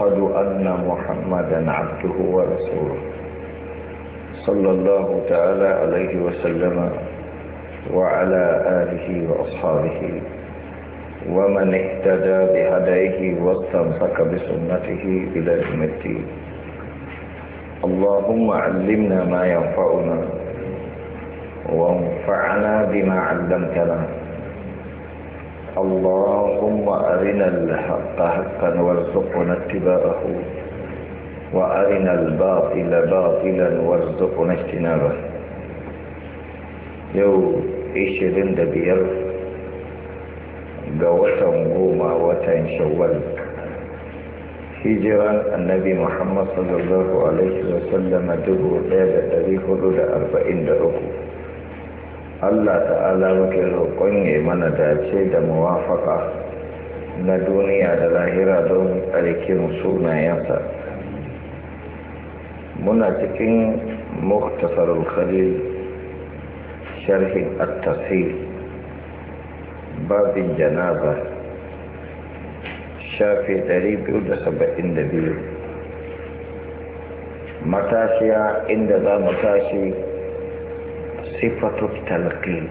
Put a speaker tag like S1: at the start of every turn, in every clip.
S1: واشهد ان محمدا عبده ورسوله صلى الله تعالى عليه وسلم وعلى اله واصحابه ومن اهتدى بهديه واستمسك بسنته الى يوم الدين اللهم علمنا ما ينفعنا وانفعنا بما علمتنا اللهم أرنا الحق حقا وارزقنا اتباعه وأرنا الباطل باطلا وارزقنا اجتنابه يو عشرين دبير قوتا قوما وتا شوال هجران النبي محمد صلى الله عليه وسلم دبو ذات تاريخ الأربعين لأكو Allah ta'ala muke roƙon ya mana dace da muwafaka na duniya da lahira don tsarkin sunayensa muna cikin muktasarul khalil sharhin at-tafsir babin janaba shafi 272 matashiya inda za mu tashi sifatu talqin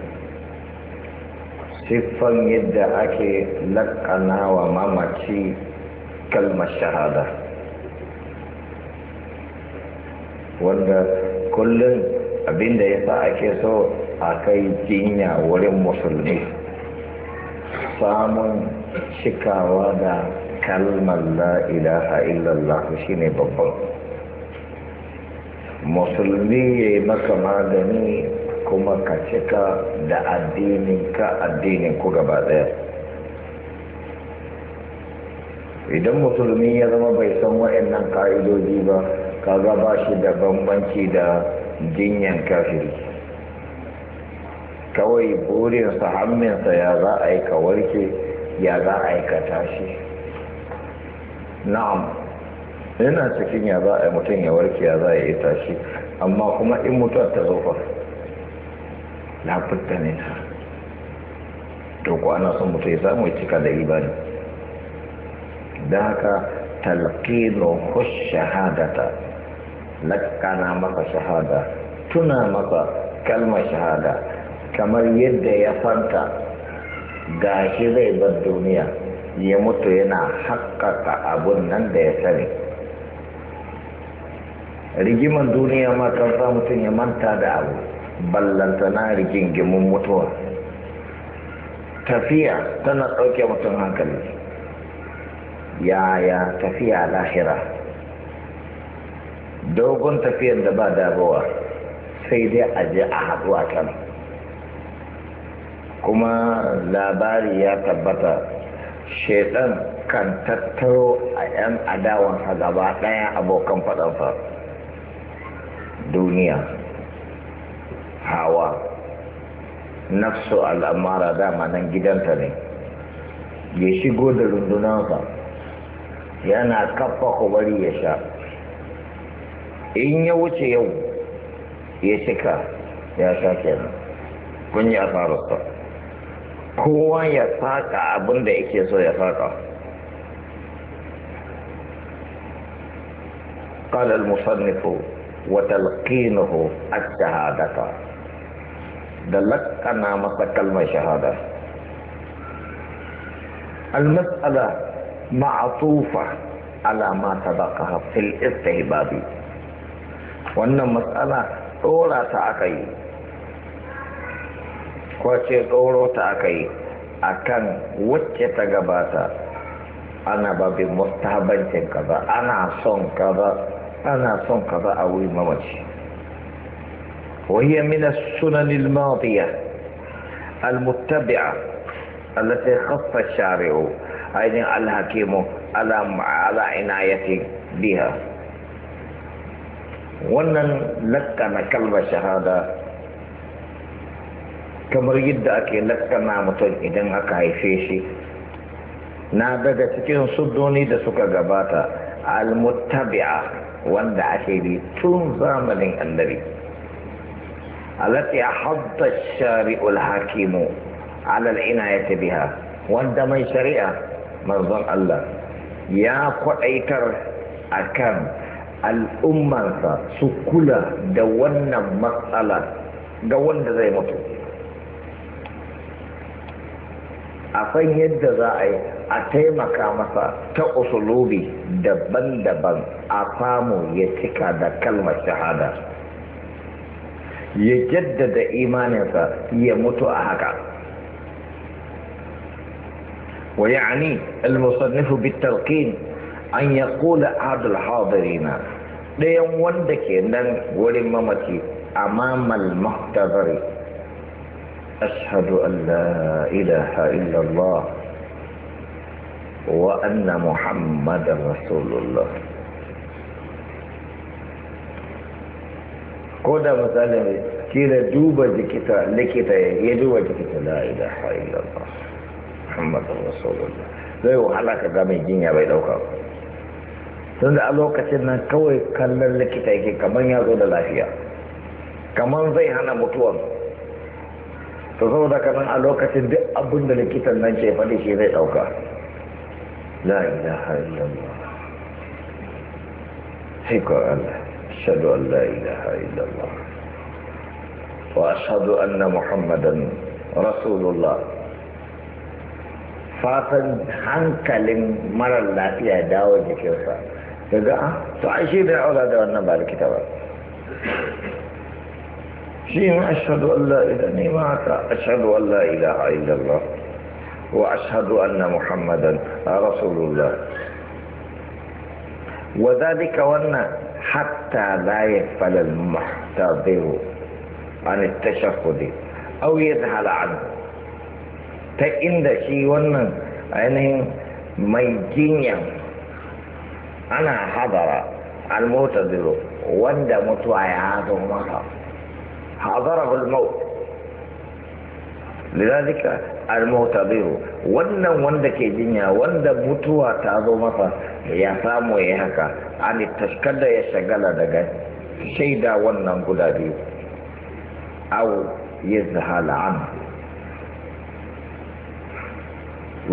S1: siffan yadda ake lakana wa mamaci kalmar shahada wanda kullum abinda ya sa ake so a kai jinya wurin musulmi samun cikawa da kalmar la ilaha shi shine babban musulmi ya yi maka magani kuma ka cika da addinin ka addinin ku gaba daya idan musulmi ya zama bai san wa'annan ka'idoji ba kaga ba shi da bambanci da jinyan kafiri kawai burinsa hannunsa ya za a yi kawarke ya za a yi tashi na'am yana cikin ya za a yi mutum ya warke ya za a yi tashi amma kuma in mutum ta zofa labudda minha to ko ana son mutum ya samu ya cika da imani da haka talqinu shahadata lakana maka shahada tuna maka kalma shahada kamar yadda ya fanta shi zai bar duniya ya mutu yana haƙƙaƙa abun nan da ya sani rigiman duniya ma kan sa mutum ya manta da abu ballantana rigingimin mutuwa tafiya tana ɗauke mutum hankali yaya tafiya lahira dogon tafiyar da ba dabawa sai dai a je a haɗu a kan. kuma labari ya tabbata shaidan kan tattaro a 'yan adawansa gaba ɗaya abokan faɗansa duniya hawa nafsu al'amara dama nan gidanta ne ya shigo da rundunansa yana kafa kubari ya sha in ya wuce yau ya cika ya sha kenan kun yi asararsa kowa ya saka abin da yake so ya saka قال المصنف وتلقينه الشهادة دلت أنا متكلم شهادة المسألة معطوفة على ما سبقها في الاستهباب وأن مسألة أولى تعقي كوشي أولى تعقي أكن وجه تقباتا أنا ببي مستهبن كذا أنا صن أنا صن كذا أوي ممشي وهي من السنن الماضية المتبعة التي خص الشارع أيضا الحكيم ألم على عناية بها ونن لكنا كلمة شهادة كما يريد أكي لكنا متن إذن أكا يفيشي نادد سكين صدوني دسوك غباتا المتبعة وندعشي لي تون زامنين النبي التي أحض الشارع الحكيم على العناية بها وانت من شريعة مرضان الله يا قعيتر أكم الأمة سكولة دوانا مسألة دوانا زي مطلوب a san yadda za a yi a taimaka masa ta usulobi daban-daban a samu ya cika da kalmar shahada يجدد إيمانه إيمانك يموت أهكا ويعني المصنف بالتلقين أن يقول أحد الحاضرين ليوم وندك أن ولممتي أمام المحتضر أشهد أن لا إله إلا الله وأن محمد رسول الله ko da misali mai kira duba jikita likita ya duba jikita la ilaha illallah muhammadur rasulullah zai wahala ka ga mai jinya bai dauka tun da a lokacin nan kawai kallon likita yake kamar ya zo da lafiya kamar zai hana mutuwan to saboda kanan a lokacin duk abin da likitan nan ce faɗi shi zai ɗauka la ilaha illallah sai ko Allah أشهد أن لا إله إلا الله وأشهد أن محمدا رسول الله فاتن هنكلم مرة لا فيها دعوة كيوسا يقول أه تعيشي بعولا دعوة النبال كتابة شيم أشهد أن لا إله إلا الله نعم، أشهد أن لا إله إلا الله وأشهد أن محمدا رسول الله وذلك وأن حتى لا يغفل المحتضر عن التشهد او يذهل عنه فان ده شيء وانا انهم ميجين انا حضر الموت دلو وانا متوى هذا مرة حضره الموت لذلك almautabiru wannan wanda ke jinya wanda mutuwa ta zo masa ya samu ya haka an da ya shagala daga shaida wannan guda biyu au ya zahala an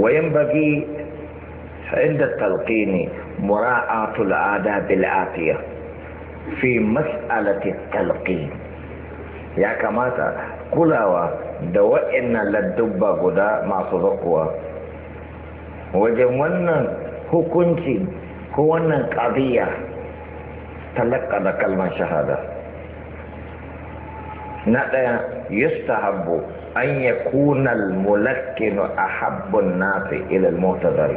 S1: wayan bagi inda talqini mura'atul adabil afiya fi mas'alati talqin ya kamata kulawa da waɗannan ladubba guda masu zakuwa wajen wannan hukunci ko wannan ƙabiya talaka da kalmar shahada na ɗaya yustahabbu an ya kunal mulakkinu a habbin nasi ilal mutazari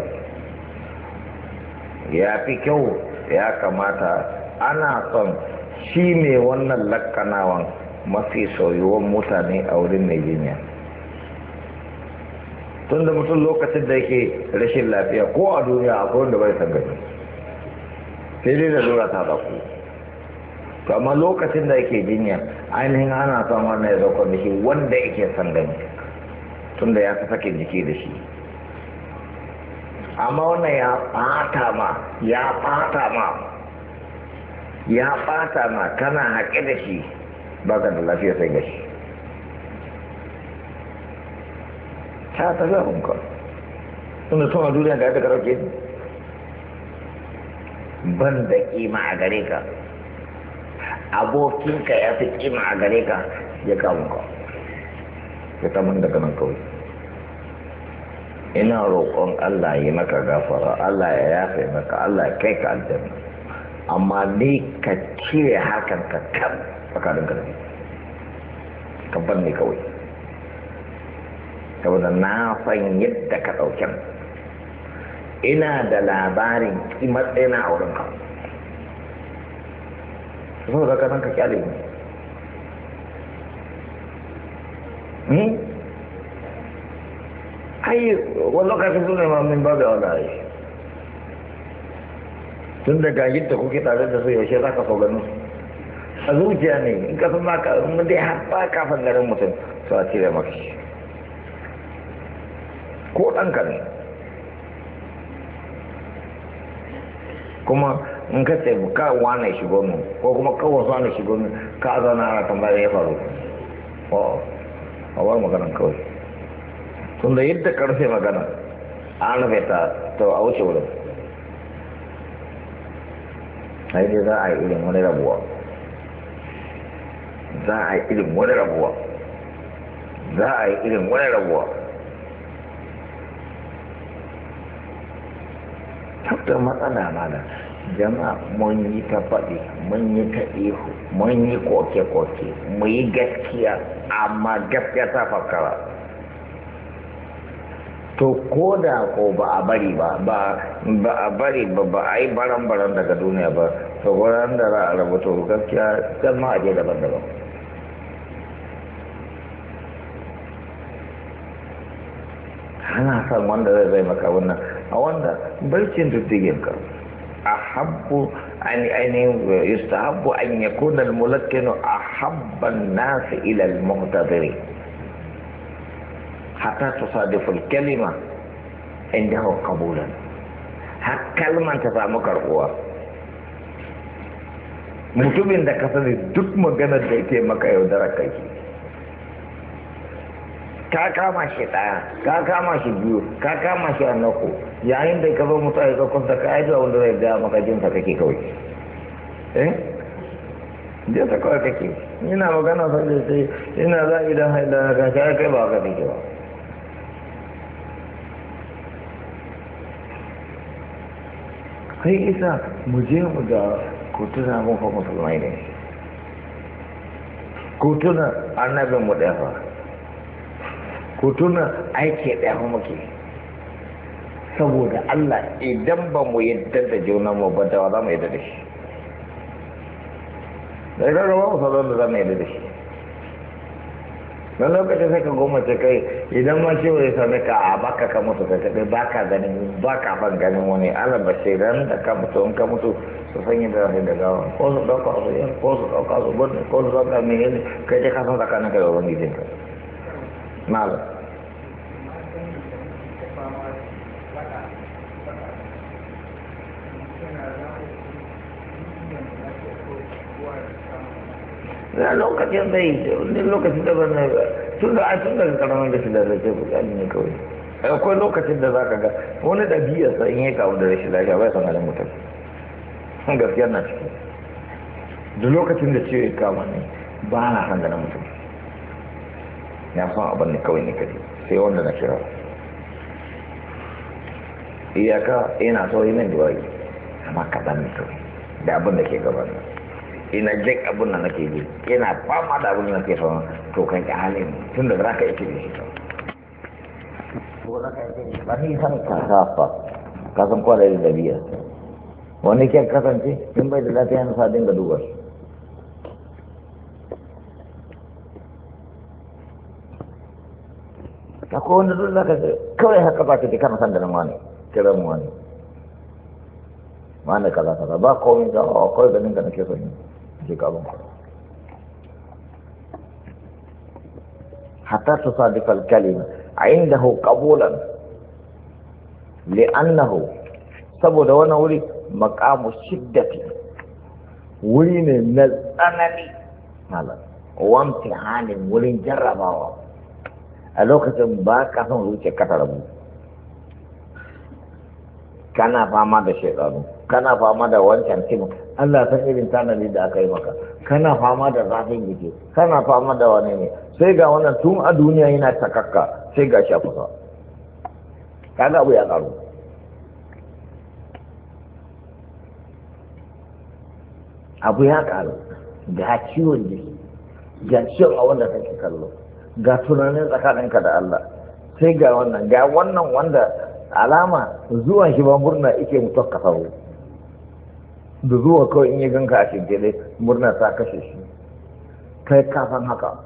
S1: ya fi kyau ya kamata ana son shi mai wannan lakkanawan mafi soyuwan mutane a wurin mai jinya tun da mutum lokacin da yake rashin lafiya ko a duniya a kowanda bai san gani sai dai da lura ta ɗauku to amma lokacin da yake jinya ainihin ana son wannan ya zaukar da shi wanda yake san gani tun da ya fi sakin jiki da shi amma wannan ya ɓata ma ya ɓata ma ya ɓata ma kana haƙe da shi ba da lafiya sai gashi ta ta zafin ka tunda son a duniya da ya karauke ban da kima a gare ka abokinka ya fi kima a gare ka ya kamun ka ya kamun da nan kawai ina roƙon Allah yi maka gafara Allah ya yafe maka Allah ya kai ka aljanna amma ni ka cire hakan ka kan tsakanin karfi tabbar ne kawai saboda na san yadda ka ɗauken ina da labarin kimar tsena a wurin Ka sun ka san ka kyale ne hmm? ai wani lokacin suna mamin babu yawon da tun daga yadda kuke tare da su yaushe za ka sau ganin su a zuciya ne in ka san maka in dai har ba kafin garin mutum to a cire maka ko ɗanka ne kuma in ka ce ka wane shigo min ko kuma ka wasu wane shigo min ka zauna ana tambaya ya faru oh, a war magana kawai tun da yadda karfe magana an rufe ta to a wuce wurin yi dai za a yi irin wani rabuwa za a yi irin wani rabuwa za a yi irin wani rabuwa tabbatar matsala mana jama'a mun yi ta faɗi mun yi ta ihu mun yi koke-koke mu yi gaskiya amma gaskiya ta fakara to ko da ko ba a bari ba ba a bari ba ba a yi baran-baran daga duniya ba to da za a rabu to gaskiya jama'a je daban-daban ana son wanda zai zai maka wannan a wanda barcin diddigin ka ahabbu an ainihin yustahabbu an yakuna al-mulakkinu ahabban nasi ila al-muhtadiri hatta tusadifu al-kalima indahu qabulan har kalman ta samu karbuwa mutumin da ka sani duk maganar da yake maka yaudarar kai ka kama shi daya ka kama shi biyu ka kama shi annako yayin da ka zo mutu a zakon ta ka ajiye wanda zai gaya maka jinta kake kawai eh jinsa kawai kake ina magana sai da sai ina za idan haida ka shi kai ba ka kake ba kai isa mu je mu ga kotuna mun fa musulmai ne kotuna annabin mu ɗaya fa ku tuna aiki ɗaya muke saboda Allah idan ba mu yadda da juna mu ba dawa za mu yadda da shi da idan ba mu sauran da za mu yadda da shi na lokacin sai ka goma ce kai idan ma ciwo ya sami ka a baka ka mutu ka kaɗai ka ganin ka ban ganin wani Allah ba ce ran da ka mutu in ka mutu su san da zai da gawa ko su ɗauka su yin ko su ɗauka su gudun ko su ɗauka mai yin kai ce ka san tsakanin ka da malam na lokacin zai wani lokacin da ban tun da an tun daga karamin da shi da zai bukani ne kawai akwai lokacin da za ka ga wani ɗabi'a sa in ya kawo da rashin lafiya bai san halin mutum gaskiya na ciki da lokacin da ciwo ya kama ne ba na san ganin mutum ya san abin ne kawai ne kare sai wanda na kira iyaka ina so yi duwai, duwari amma kaɗan ne kawai da abin da ke gaban ina jek abin da nake ji ina fama da abin da nake son to kan ki hali tun da za ka yi kiri shi kawai ba ni san kasafa kasan kwalaye da biyar wani kyan kasance tun bai da lafiya na sa dinga dubar akwai wanda duk zaka ce kawai haka ba ka ji kana san ganin wani kiran wani wani kaza kaza ba komai ga akwai ganin ka ke son je ka abin kuma hatta su sadifal kalima a inda hu kabulan li'annahu saboda wani wuri makamu shiddati wuri ne na tsanani malam wamtihanin wurin jarrabawa a lokacin ba ka son zuciya ka rabu kana fama da shekaru kana fama da wancan tim Allah san irin tanadi da aka yi maka kana fama da zafin jiki kana fama da wani ne sai ga wannan tun a duniya yana takakka sai ga shi a kaga abu ya karu abu ya karu ga ciwon jiki ga ciwon a wanda kake kallo ga tunanin tsakaninka da Allah sai ga wannan ga wannan wanda alama zuwa shi ba murna ike mutuwar faru da zuwa kawai in yi ganka a shigele murna ta kashe shi kai kafan haka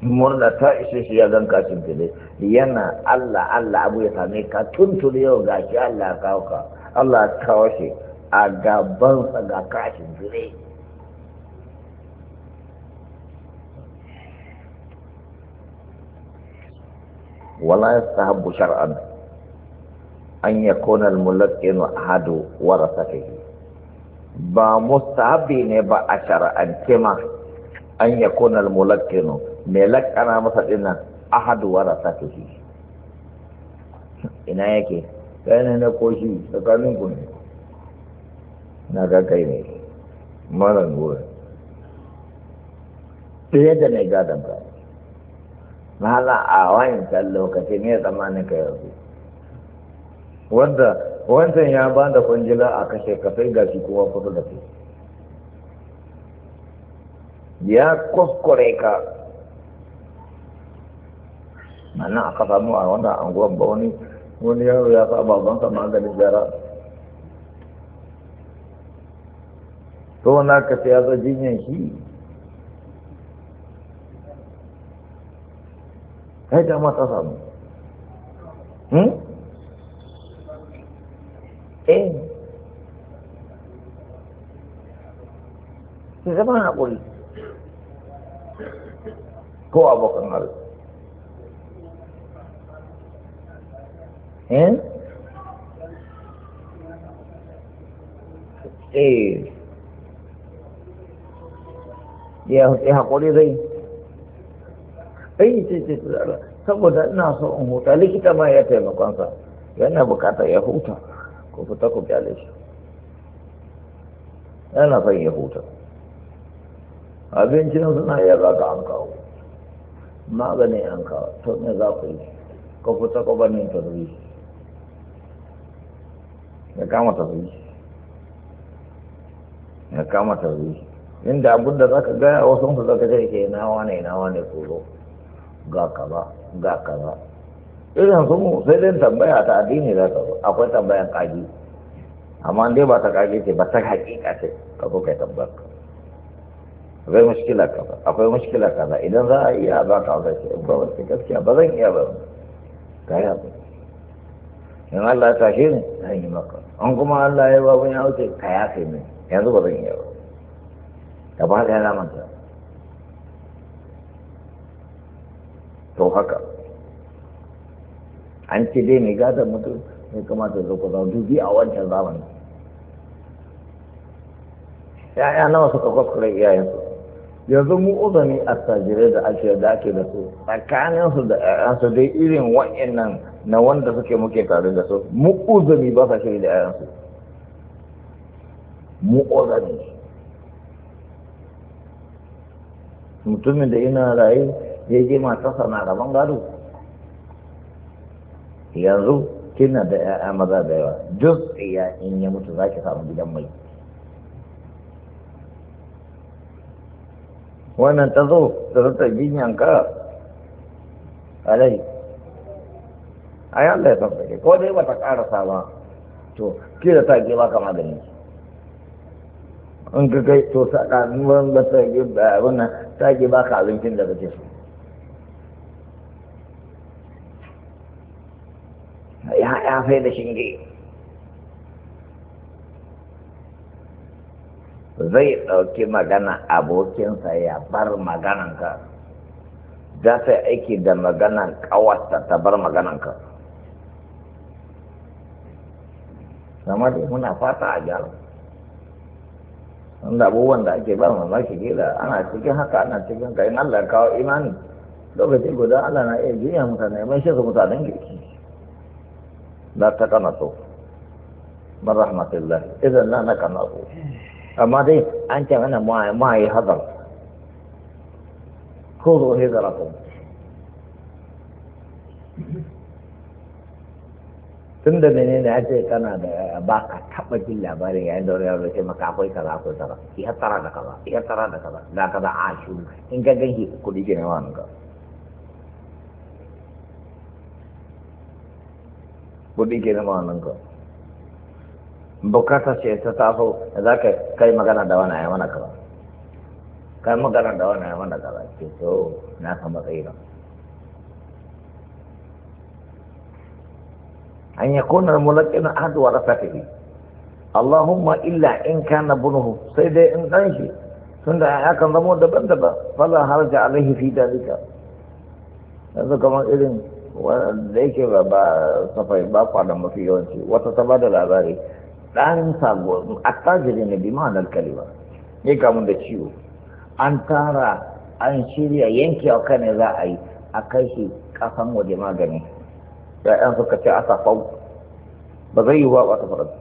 S1: murna ta ishe shi ya ganka a shigele yana Allah Allah abu ya same ka tuntun yau ga shi Allah ya kawo ka Allah ya kawo shi a gabansa ga kashin shigele ولا يستحب شرعا أن يكون الملقن أحد ورثته ba mustahabi ne ba a shara'ance ma an ya kunar mulakkinu mai lakana masa dinnan ahadu wa rasatuhi ina yake kai ne na koshi tsakanin ku ne na ga kai ne mara gura ɗaya da mai gadon ka mala a wancan lokaci ne tsammanin ka yanzu wanda wancan ya ba da kwangila a kashe ka sai shi kuma kusa da kai ya kuskure ka mana aka samu a wannan anguwan ba wani wani yaro ya sa babansa maganin jara to na aka sai ya zo jinyan shi ai dama ta samu hmm? eh ki zama haƙuri ko abokan arziki eh eh ya zai kai ce ce saboda ina so in huta likita ma ya taimakonsa yana bukata ya huta ku fita ku kyale shi yana son ya huta abincin suna iya za ka an kawo magani an kawo to ne za ku yi ku fita ku bani tasiri ya kama tasiri ya kama tasiri inda abin za ka gaya wasu su za ka ce ke nawa ne nawa ne ko zo ga kaza ga kaza irin su sai dai tambaya ta addini za ka akwai tambayan kaji amma dai ba ta kaji ce ba ta hakika ce ka zo kai tabbar akwai mushkila kaza akwai mushkila kaza idan za a iya za ka wata ce ba wasu gaskiya ba zan iya ba ka yi haƙuri in Allah ta shi ne zan yi maka an kuma Allah ya ba babu ya wuce ka yafe ne yanzu ba zan iya ba ba da ya lamanta to haka an ce dai mai gadon mutum mai kamata zo ku zama dubi a wancan zamani ya'ya nawa suka kwakwale iyayensu yanzu mu uzani tajirai da ake da ake da su tsakaninsu da ƴaƴansu dai irin nan na wanda suke muke tare da su mu uzani ba sa shiri da ƴaƴansu mu uzani mutumin da ina rayu ya je matarsa na rabon gado yanzu kina da ya'ya maza da yawa duk iya in ya mutu za ki samu gidan mai wannan ta zo da rata jinyan ka alai a yi Allah ya tabbake ko dai ba ta karasa ba to da ta ke ba ka magani in ka kai to sa ɗan ba ta ke ba wannan ta ke ka abincin da kake so ta da shinge zai ɗauki magana abokinsa ya bar magananka za ta aiki da maganan ƙawarta ta bar magananka sama dai muna fata a gyara wanda abubuwan da ake ba mamaki gida ana cikin haka ana cikin kayan allah kawo imani lokaci guda allah na iya juya mutane mai shiga mutanen girki لا تقنطوا من رحمة الله إذا لا نقنط أما دي أنت أنا معي معي هضر خذوا هجركم tun da mene ne ce kana da ba ka taba jin labarin yayin da wani yaro sai maka akwai kaza akwai kaza Iya hattara da kaza Iya hattara da kaza da kaza a shi in ka ganki kudi ke ne wa ka kudi ke zama wannan ka bukata ce ta taso za ka kai magana da wani mana kaza kai magana da wani mana kaza ke to na san matsayi an an kunar mulakin ahadu wa fatihi Allahumma illa in kana bunuhu sai dai in dan shi tunda ya kan zamo daban-daban fala harja alaihi fi dalika yanzu kamar irin wanda yake ba ba safai ba da mafi yawanci wata ta bada labari ɗan a attajiri ne bi ma'anar kalima ne kamun da ciwo an tara an shirya yanki a kane ne za a yi a kai shi kasan waje magani ya'yan suka ce a safau ba zai yi ba ba ta faransa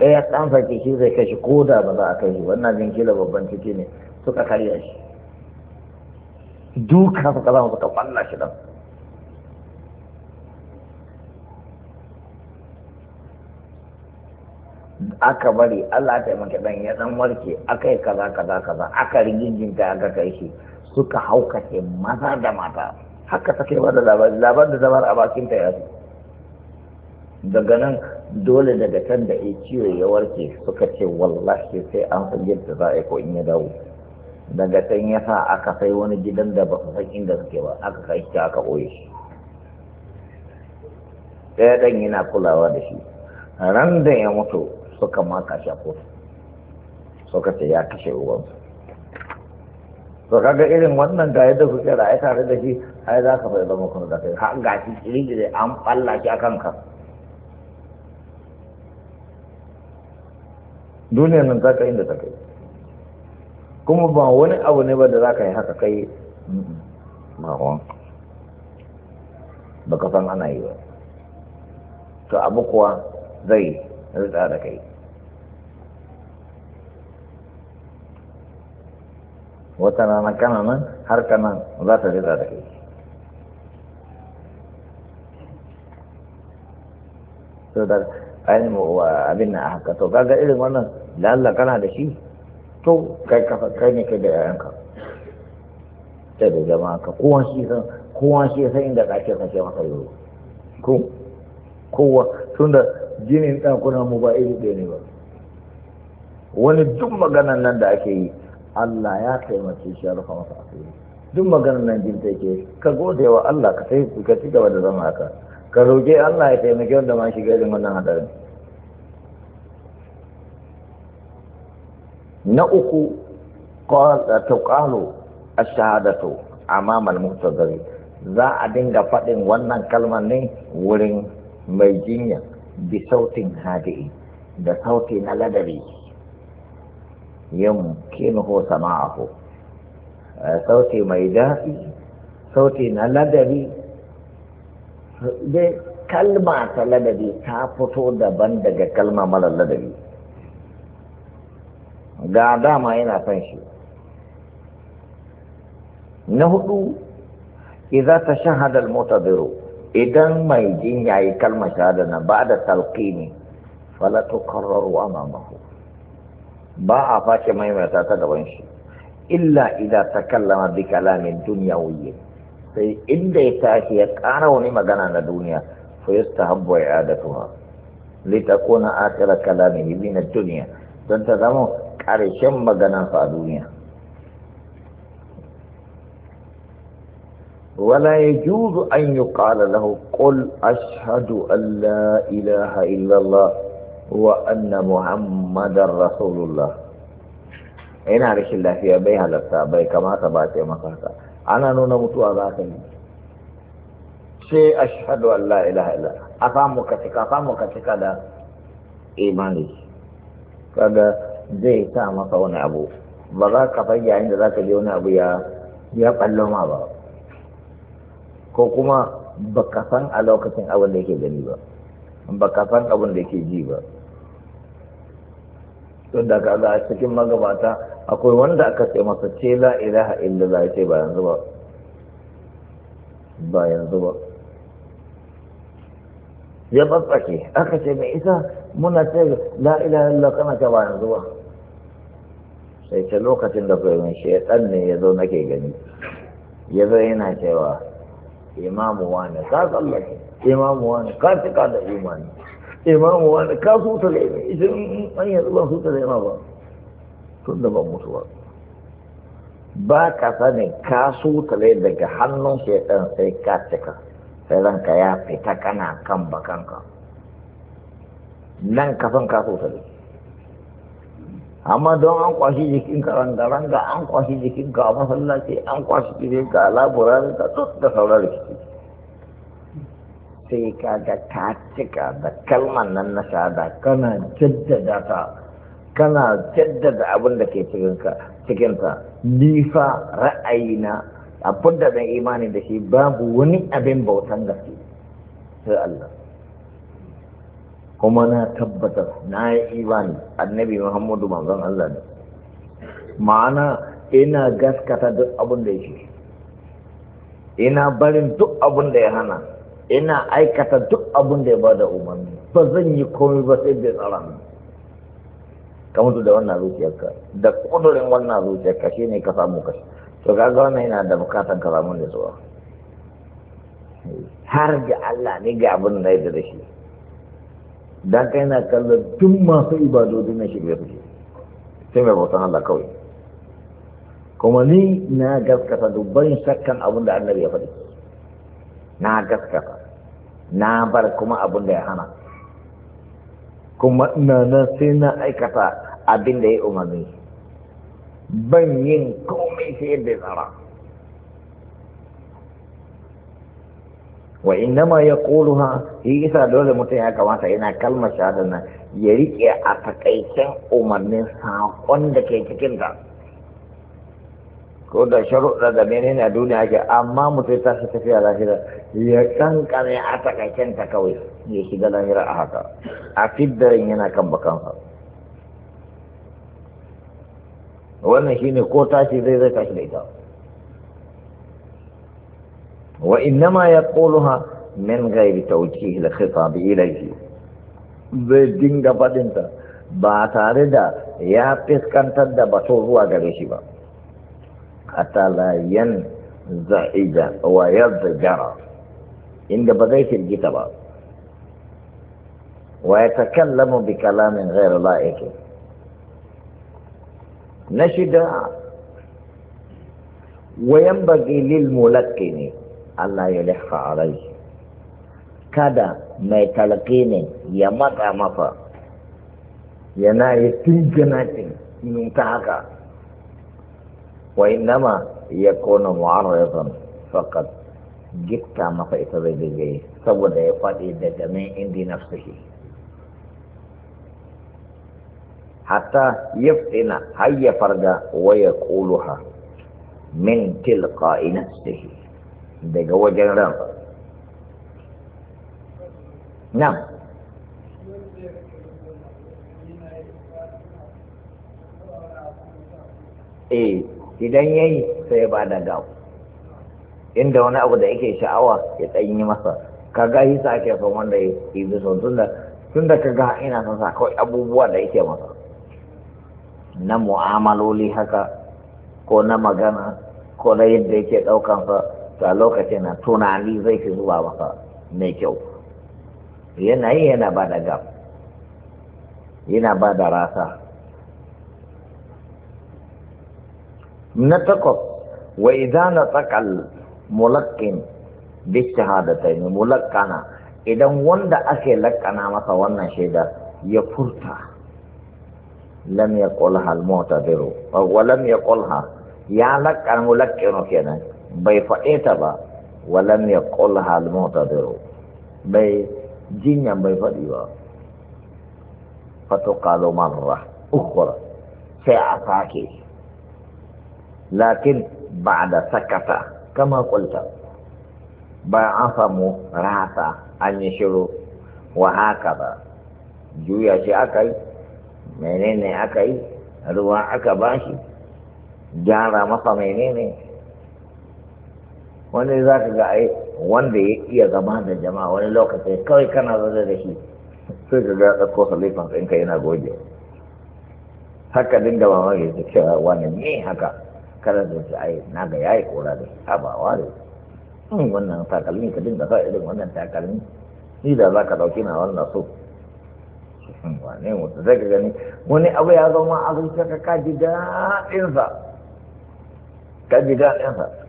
S1: ɗaya ɗan sake shi zai kai shi ko da ba za a kai shi wannan jinkila babban ciki ne suka karya shi duka suka kaza suka falla shi nan aka bari Allah ta maka dan ya dan warke aka yi kaza kaza kaza aka rigijinta aka kai shi suka haukace maza da mata haka take ba da labarin labar da zamar a bakin ta yasu daga nan dole daga can da ya ciwo ya warke suka ce wallahi sai an fage yadda za a yi ko in ya dawo daga can ya sa aka kai wani gidan da ba su san inda suke ba aka kai shi aka ɓoye shi ɗaya ɗan yana kulawa da shi ran da ya mutu suka maka shi a kotu suka ce ya kashe uwansu to kaga irin wannan ga yadda kuke ai tare da shi ai za ka bai zama kuma da kai har ga shi kiri an balla shi a kanka duniyar nan za ka inda ta kai kuma ba wani abu ne ba da za ka yi haka kai mawon ba ka san ana yi ba to abu kuwa zai rutsa da kai wata rana kana nan har kana za ta rutsa da kai to da ainihin abin na haka to kaga irin wannan lalla kana da shi to kai kafa kai ne kai da yayanka kai da jama'a ka kowa shi san kowa shi san inda kake ka ce maka yau ko kowa tunda jinin ɗakunan mu ba iri ɗaya ne ba wani duk maganan nan da ake yi Allah ya taimake shi ya rufa masa asiri duk maganar nan jin take ka gode wa Allah ka sai ka ci gaba da zama haka ka roƙe Allah ya taimake wanda ma shi irin wannan hadarin na uku tuƙalo a shahadatu a mamar za a dinga faɗin wannan kalmar ne wurin mai jinya bi sautin hadi'i da sauti na ladari yin kinuhu sama'ahu eh, sauti mai daɗi sauti na ladari dai kalma ta ladabi ta fito daban daga kalma mara ladabi ga dama yana son shi na hudu idan ta shahada al idan mai jinya yi kalmar shahada na ba da talqini fala tukarraru amamahu ba a face mai maimaita ta gaban shi illa idan ta kallama bi kalamin dunyawiyyi sai inda ya tashi ya ƙara wani magana na duniya fa yastahabbu i'adatuha litakuna akhir kalamihi min ad-dunya dan ta zama ƙarshen maganansa a duniya ولا يجوز أن يقال له قل أشهد أن لا إله إلا الله وأن محمد رسول الله إن عرش الله في أبيها لتا بي كما تباتي مكاتا أنا نونا متوى ذاك شيء أشهد أن لا إله إلا أقام وكتك أقام وكتك دا إيماني كذا zai sa maka wani abu ba za ka fai yayin da za ka je wani abu ya ya ma ba ko kuma ba ka san a lokacin abin da yake gani ba ba ka san abin da yake ji ba don da kaga a cikin magabata akwai wanda aka ce masa ce la ilaha illa la ce ba yanzu ba ba yanzu ba ya tsatsake aka ce mai isa muna ce la ilaha illa kana ce ba yanzu ba sai ta lokacin da kai shaitan ne ya zo nake gani ya zo yana cewa imamu wani ka tsallake imamu wani ka cika da imani imamu wani ka suta da imani idan an yanzu ban suta da imama ba tun da ban mutuwa ba ka sani ka suta da daga hannun shaitan sai ka cika sai ranka ya fita kana kan bakanka nan kafin ka suta da amma don an kwashi jikin ranga an kwashi jikin a masallaci an kwashi jikinka a laburari ka duk da sauran rikici sai ka ga ta cika da kalman nan na shada, kana jaddada ta kana jaddada abin da ke cikinta nifa ra'ayina abin da zan imani da shi babu wani abin bautan gaske sai Allah kuma na tabbatar na yi imani annabi muhammadu manzon Allah ne ma'ana ina gaskata duk abin da yake ina barin duk abin da ya hana ina aikata duk abin da ya ba da umarni ba zan yi komai ba sai da tsara ni ka mutu da wannan zuciyarka da kudurin wannan zuciyarka ne ka samu kashi to kaga wannan yana da bukatan ka samu da zuwa har ga Allah ne ga abin da ya da shi dan ka yana kallon tun masu ibadodi na shirya suke sai mai bautan Allah kawai kuma ni na gaskata dubban shakkan abin da annabi ya faɗi na gaskata na bar kuma abin da ya hana kuma ina na sai na aikata abin da ya umarni ban yin komai sai yadda ya tsara wa ma ya ƙoluha shi isa dole mutum ya kamata yana kalmar shahadar nan ya riƙe a takaicen umarnin saƙon da ke ta ko da sharuɗa da menene a duniya ake amma mutum ta shi tafiya lahira ya kankane a takaicen ta kawai ya shiga lahira a haka a fiddarin yana kan bakansa wannan shine ko tashi zai zai tashi da ita وإنما يقولها من غير توجيه الخطاب إليه بدين قبضنت باتاردا يا بسكنت دبطور وغريشبا حتى لا ينزعج ويضجر إن بديت الكتاب ويتكلم بكلام غير لائق نشد وينبغي للملقن Allah ya lafa alai kada mai talqini ya matsa mafa yana ya tingana min ta haka wa innama ya kona mu'arradan faqat gitta maka ita zai gaggaye saboda ya faɗi da min indi nafsihi hatta yaftina har ya farga wa ya min tilqa'i nafsihi daga wajen ran nan eh idan ya yi sai ya ba da gawo inda wani abu da yake sha'awa ya yi masa kaga yi sa ake son wanda ya yi bisa tunda ka kaga ina son sa kawai abubuwa da yake masa na mu'amaloli haka ko na magana ko na yadda yake ɗaukansa a lokacin na tunani zai fi zuwa maka mai kyau yana yi yana ba da gab yana ba da rasa na takwas wa idan na tsakal mulakkin shahadata ne Mulakana. idan wanda ake lakana masa wannan shaida ya furta lam ya kulha al-mu'tadiru wa lam ya kulha ya lakana mulakin kenan bai faɗe ta ba walam ya ƙul halmu ta bai jinyan bai faɗi ba fato kalo marra ukura sai a sake lakin ba da sakata kama kulta bayan an samu rata an yi shiru wa haka ba juya shi aka yi menene aka yi ruwa aka bashi gyara masa menene wani za ka ga ai wanda ya iya zama da jama'a wani lokaci kawai kana zaune da shi sai ka ga ɗauko halifan ɗinka yana goge haka dinga mamaki ta cewa wani ne haka kada da su ai na ga yayi kora da abawa da hmm, wannan takalmi ka dinga sa irin wannan takalmi ni da za ka ɗauki na wannan so hmm, wane mutu zai ka gani wani abu ya zama a zuciya ka kaji daɗinsa kaji daɗinsa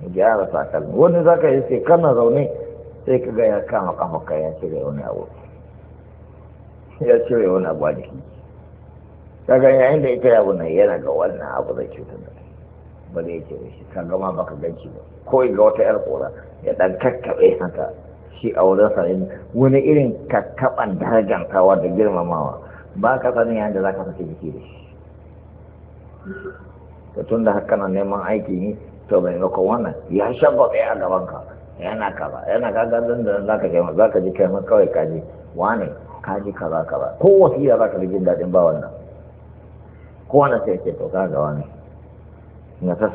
S1: gyara takalmi wani za ka yi sai kana zaune sai ka ga ya kama kafa ya cire wani abu ya cire wani abu a jiki kaga yayin da ita yabu nan yana ga wannan abu da cutar da ba zai da shi kan gama baka ganci ba ko ga wata yar kora ya dan kakkaɓe haka shi a wurin sarin wani irin kakkaɓan darajantawa da girmamawa ba ka sanin yayin da za ka sake jiki da shi ka tun da haka na neman aiki ne to maimakon wannan ya shagwabe a ka yana kaza yana ka don da za ka kai za ka ji kai kawai ka ji wane ka ji kaza kaza ko wasiya za ka ji jin daɗin ba wannan ko wannan sai ce to kaga wani na ta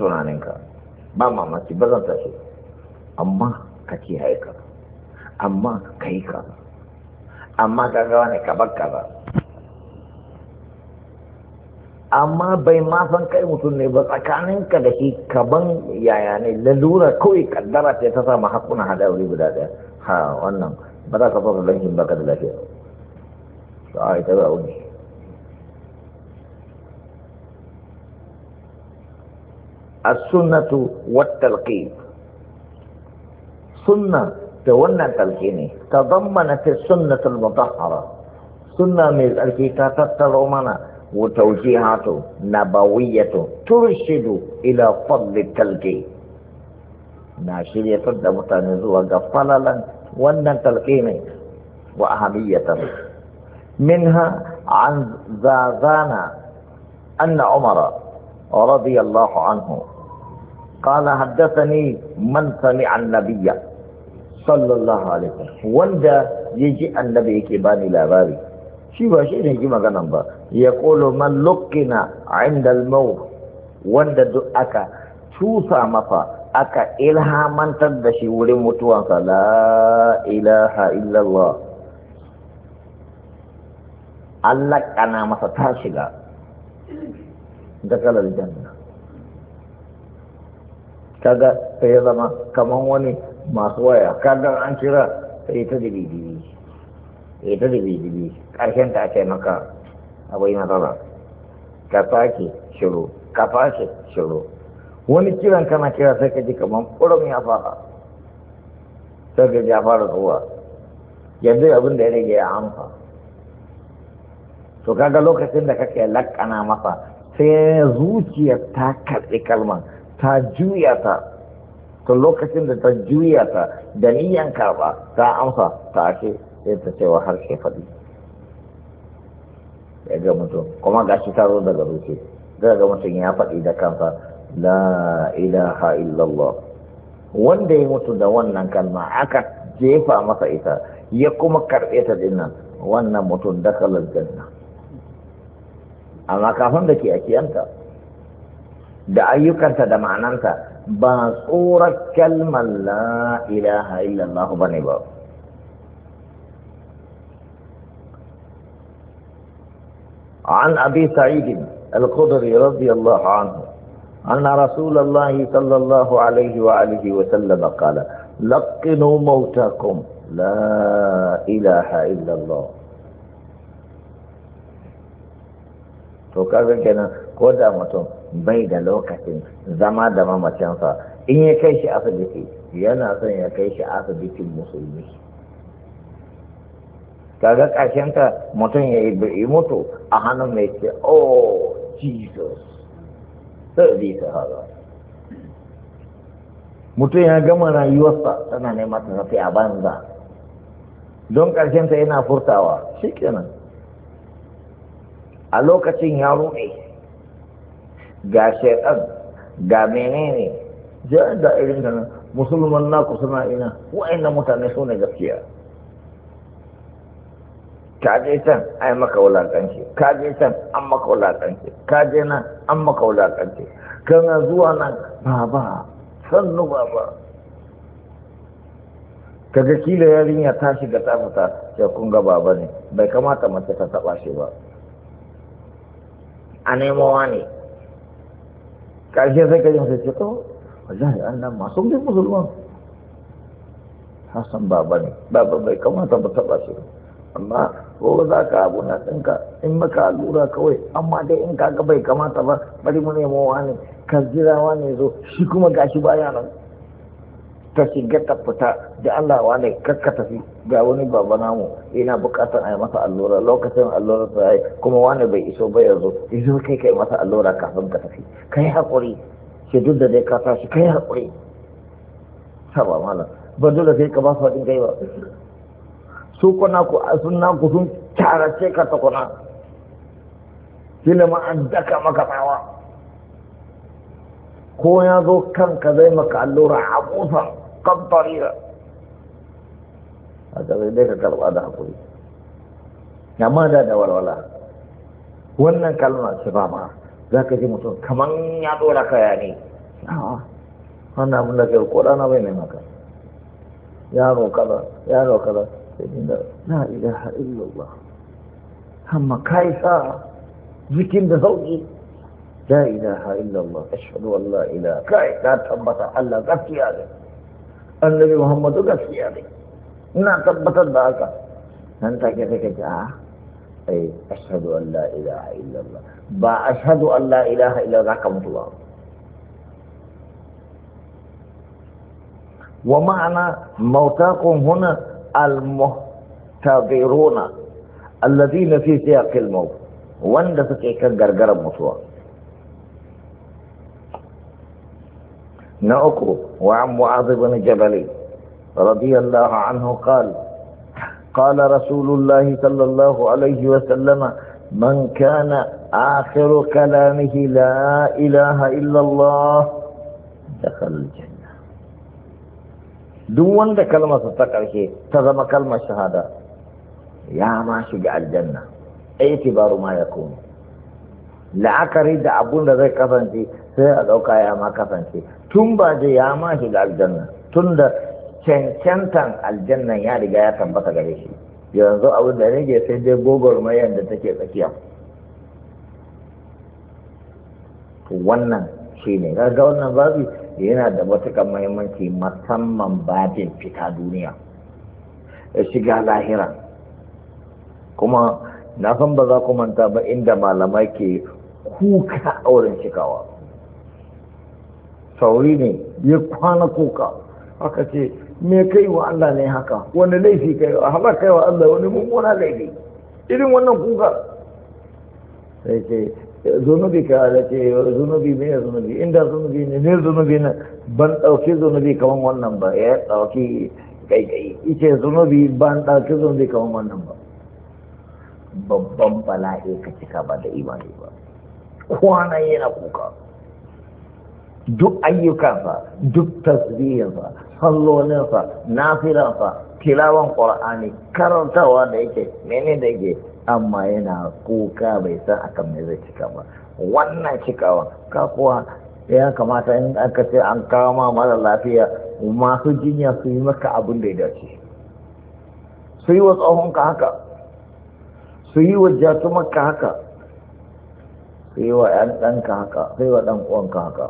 S1: ka ba mamaci ba zan tashi amma ka ce haika amma ka yi kaza amma kaga wani ka bar ba amma bai ma san kai mutum ne ba tsakaninka da shi kaban yaya ne lalura kawai kaddara ce ta samu hakuna hada wuri guda daya ha wannan ba za ka fara lankin baka da lafiya to a ita ba wani a sunnatu wat-talqin sunna da wannan talqini tadammanat as-sunnatu al mutahara sunna mai tsarki ta tattaro mana وتوجيهات نبوية ترشد إلى فضل التلقين ناشر يصد متنزوة فللا ون تلقين وأهمية منها عن زازانا أن عمر رضي الله عنه قال حدثني من سمع النبي صلى الله عليه وسلم وندا يجي النبي كباني لا باري shi ba shi ne ki maganan ba ya kolo man lokina inda wanda duk aka tusa mafa aka ilhamantar da shi wurin mutuwansa la ilaha illallah Allah kana masa ta shiga daga janna kaga sai ya zama kaman wani masu waya kaga an kira sai ta dalili ya ta da bidigi ƙarshen ta ce maka na matsala ka sake shiru ka fashe shiru wani kiran kana kira sai ka ji kamar ƙurum ya fara sai ka ji ya fara zuwa yanzu abin da ya rage ya amfa to kaga lokacin da kake lakana masa sai zuciyar ta karɓi kalman ta juya ta to lokacin da ta juya ta da niyan karɓa ta amsa ta ake sai ta cewa ke faɗi ya ga mutum kuma ga shi taro daga zuci zai ga mutum ya faɗi da kansa la ilaha illallah wanda ya mutu da wannan kalma aka jefa masa ita ya kuma karɓe ta dinnan wannan mutum da kalar janna amma kafin da ke akiyanta da ayyukanta da ma'ananta ba tsorar kalmar la ilaha illallah ba ne ba عن أبي سعيد الخدري رضي الله عنه أن رسول الله صلى الله عليه وآله وسلم قال لقنوا موتاكم لا إله إلا الله to kaga kenan ko da mutum bai da lokacin zama da mamacinsa in ya kai shi asibiti yana son ya kai shi asibitin musulmi kaga ƙashenta mutum ya yi mutu a hannun mai ce oh jesus sai bi ta haza mutum ya gama rayuwarsa tana nema ta tafi a banza don ta yana furtawa shikenan a lokacin ya ruɗe ga shekar ga menene jiyar da irin nan musulman naku suna ina na mutane su ne gaskiya ka je can ai maka wulakanci ka je can an maka wulakanci ka je nan an maka wulakanci kana zuwa nan baba sannu baba kaga kila yarinya ta shiga ta fita ya kun ga baba ne bai kamata mace ta taba shi ba a nemowa ne ƙarshe sai ka yi masa ce to wajen Allah masu bin musulman Hassan baba ne baba bai kamata ba taba shi ba amma ko za ka abu na ɗinka in maka allura kawai amma dai in kaga bai kamata ba bari mu nemo wani ka jira wani zo shi kuma gashi baya nan ta shiga ta fita da Allah wane karka tafi ga wani baba namu yana bukatar a yi masa allura lokacin allura ta yi kuma wani bai iso ba yanzu iso kai kai masa allura kafin ka tafi kai haƙuri shi duk da dai ka tashi kai haƙuri saba mana ba dole sai ka ba su haɗin gaiwa su kuna ku sunna ku sun tarace ka ta kuna kila ma an daka maka tsawa ko ya zo kanka zai maka allura a kusan kan tarira haka zai dai ka karba da hakuri amma da da walwala wannan kalma ce ba ma za ka ji mutum kamar ya dora kaya ne wannan abin da ke kodana bai ne maka yaro kaza yaro kaza لا إله إلا الله هم كيفا ذكر بزوجي لا إله إلا الله أشهد أن لا إله كيفا تبت الله قسيا النبي محمد قسيا ina tabbatar da haka nan take sai kace a ai ashhadu an la ilaha illallah ba ashhadu an la ilaha illallah ka mutu ba wa ma'ana mautakum huna المحتضرون الذين في سياق الموت وند سكي كغرغر مسوا نأكو وعن معاذ بن جبل رضي الله عنه قال قال رسول الله صلى الله عليه وسلم من كان آخر كلامه لا إله إلا الله دخل الجنة duk wanda kalmarsa ta karshe ta zama kalmar shahada ya ma shiga aljanna baro ma ya kono la'akari da abun da zai kasance sai a ɗauka ya ma kasance tun ba ya ma shiga aljanna tun da cancantan aljanna ya riga ya tambata gare shi yanzu abin da rage sai dai mai da take tsakiya wannan shi ne ga wannan babu yana da matuƙar muhimmanci musamman babin fita duniya ya shiga lahira kuma na san ba za ku manta ba inda malamai ke kuka auren shigawa. sauri ne ya kwana kuka aka ce me kai wa Allah ne haka wani laifi kai wa haka kai wa Allah wani mummuna laifi irin wannan kuka sai ce zunubi ka halace zunubi mai zunubi inda zunubi ne ne zunubi na ban ɗauki zunubi kamar wannan ba ya ɗauki kai ice zunubi ban ɗauki zunubi kamar wannan ba babban bala'i ka cika ba da imani ba kwanan yana kuka duk ayyukansa duk tasbihinsa sallolinsa nafilansa tilawan ƙwar'ani karantawa da yake mene da yake amma yana kuka bai san akan me zai cika ba wannan cikawa ka kuwa ya kamata in aka ce an kawo ma mara lafiya masu jinya su yi maka abin da ya dace su yi wa tsohonka haka su yi wa jatumarka haka su yi wa ‘yan ɗanka haka su yi wa ɗan uwanka haka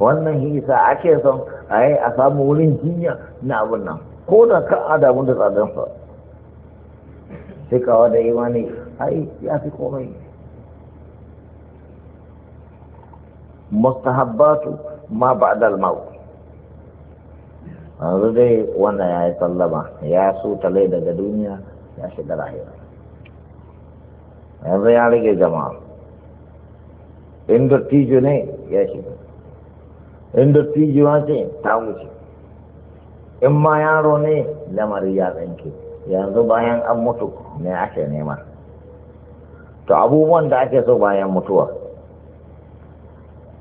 S1: wannan hisa ake son a yi a samu wurin jinya na abin nan ko da ka adamu da tsadansa cikawa da imani ai ya fi komai mustahabbatu ma ba'dal maut yanzu dai wanda ya yi sallama ya so talai daga duniya ya shiga lahira yanzu ya rage jama'a in dattijo ne ya shiga in dattijo ce ta wuce in ma yaro ne lamari ya tsanke yanzu bayan an mutu ne ake nema to abubuwan da ake so bayan mutuwa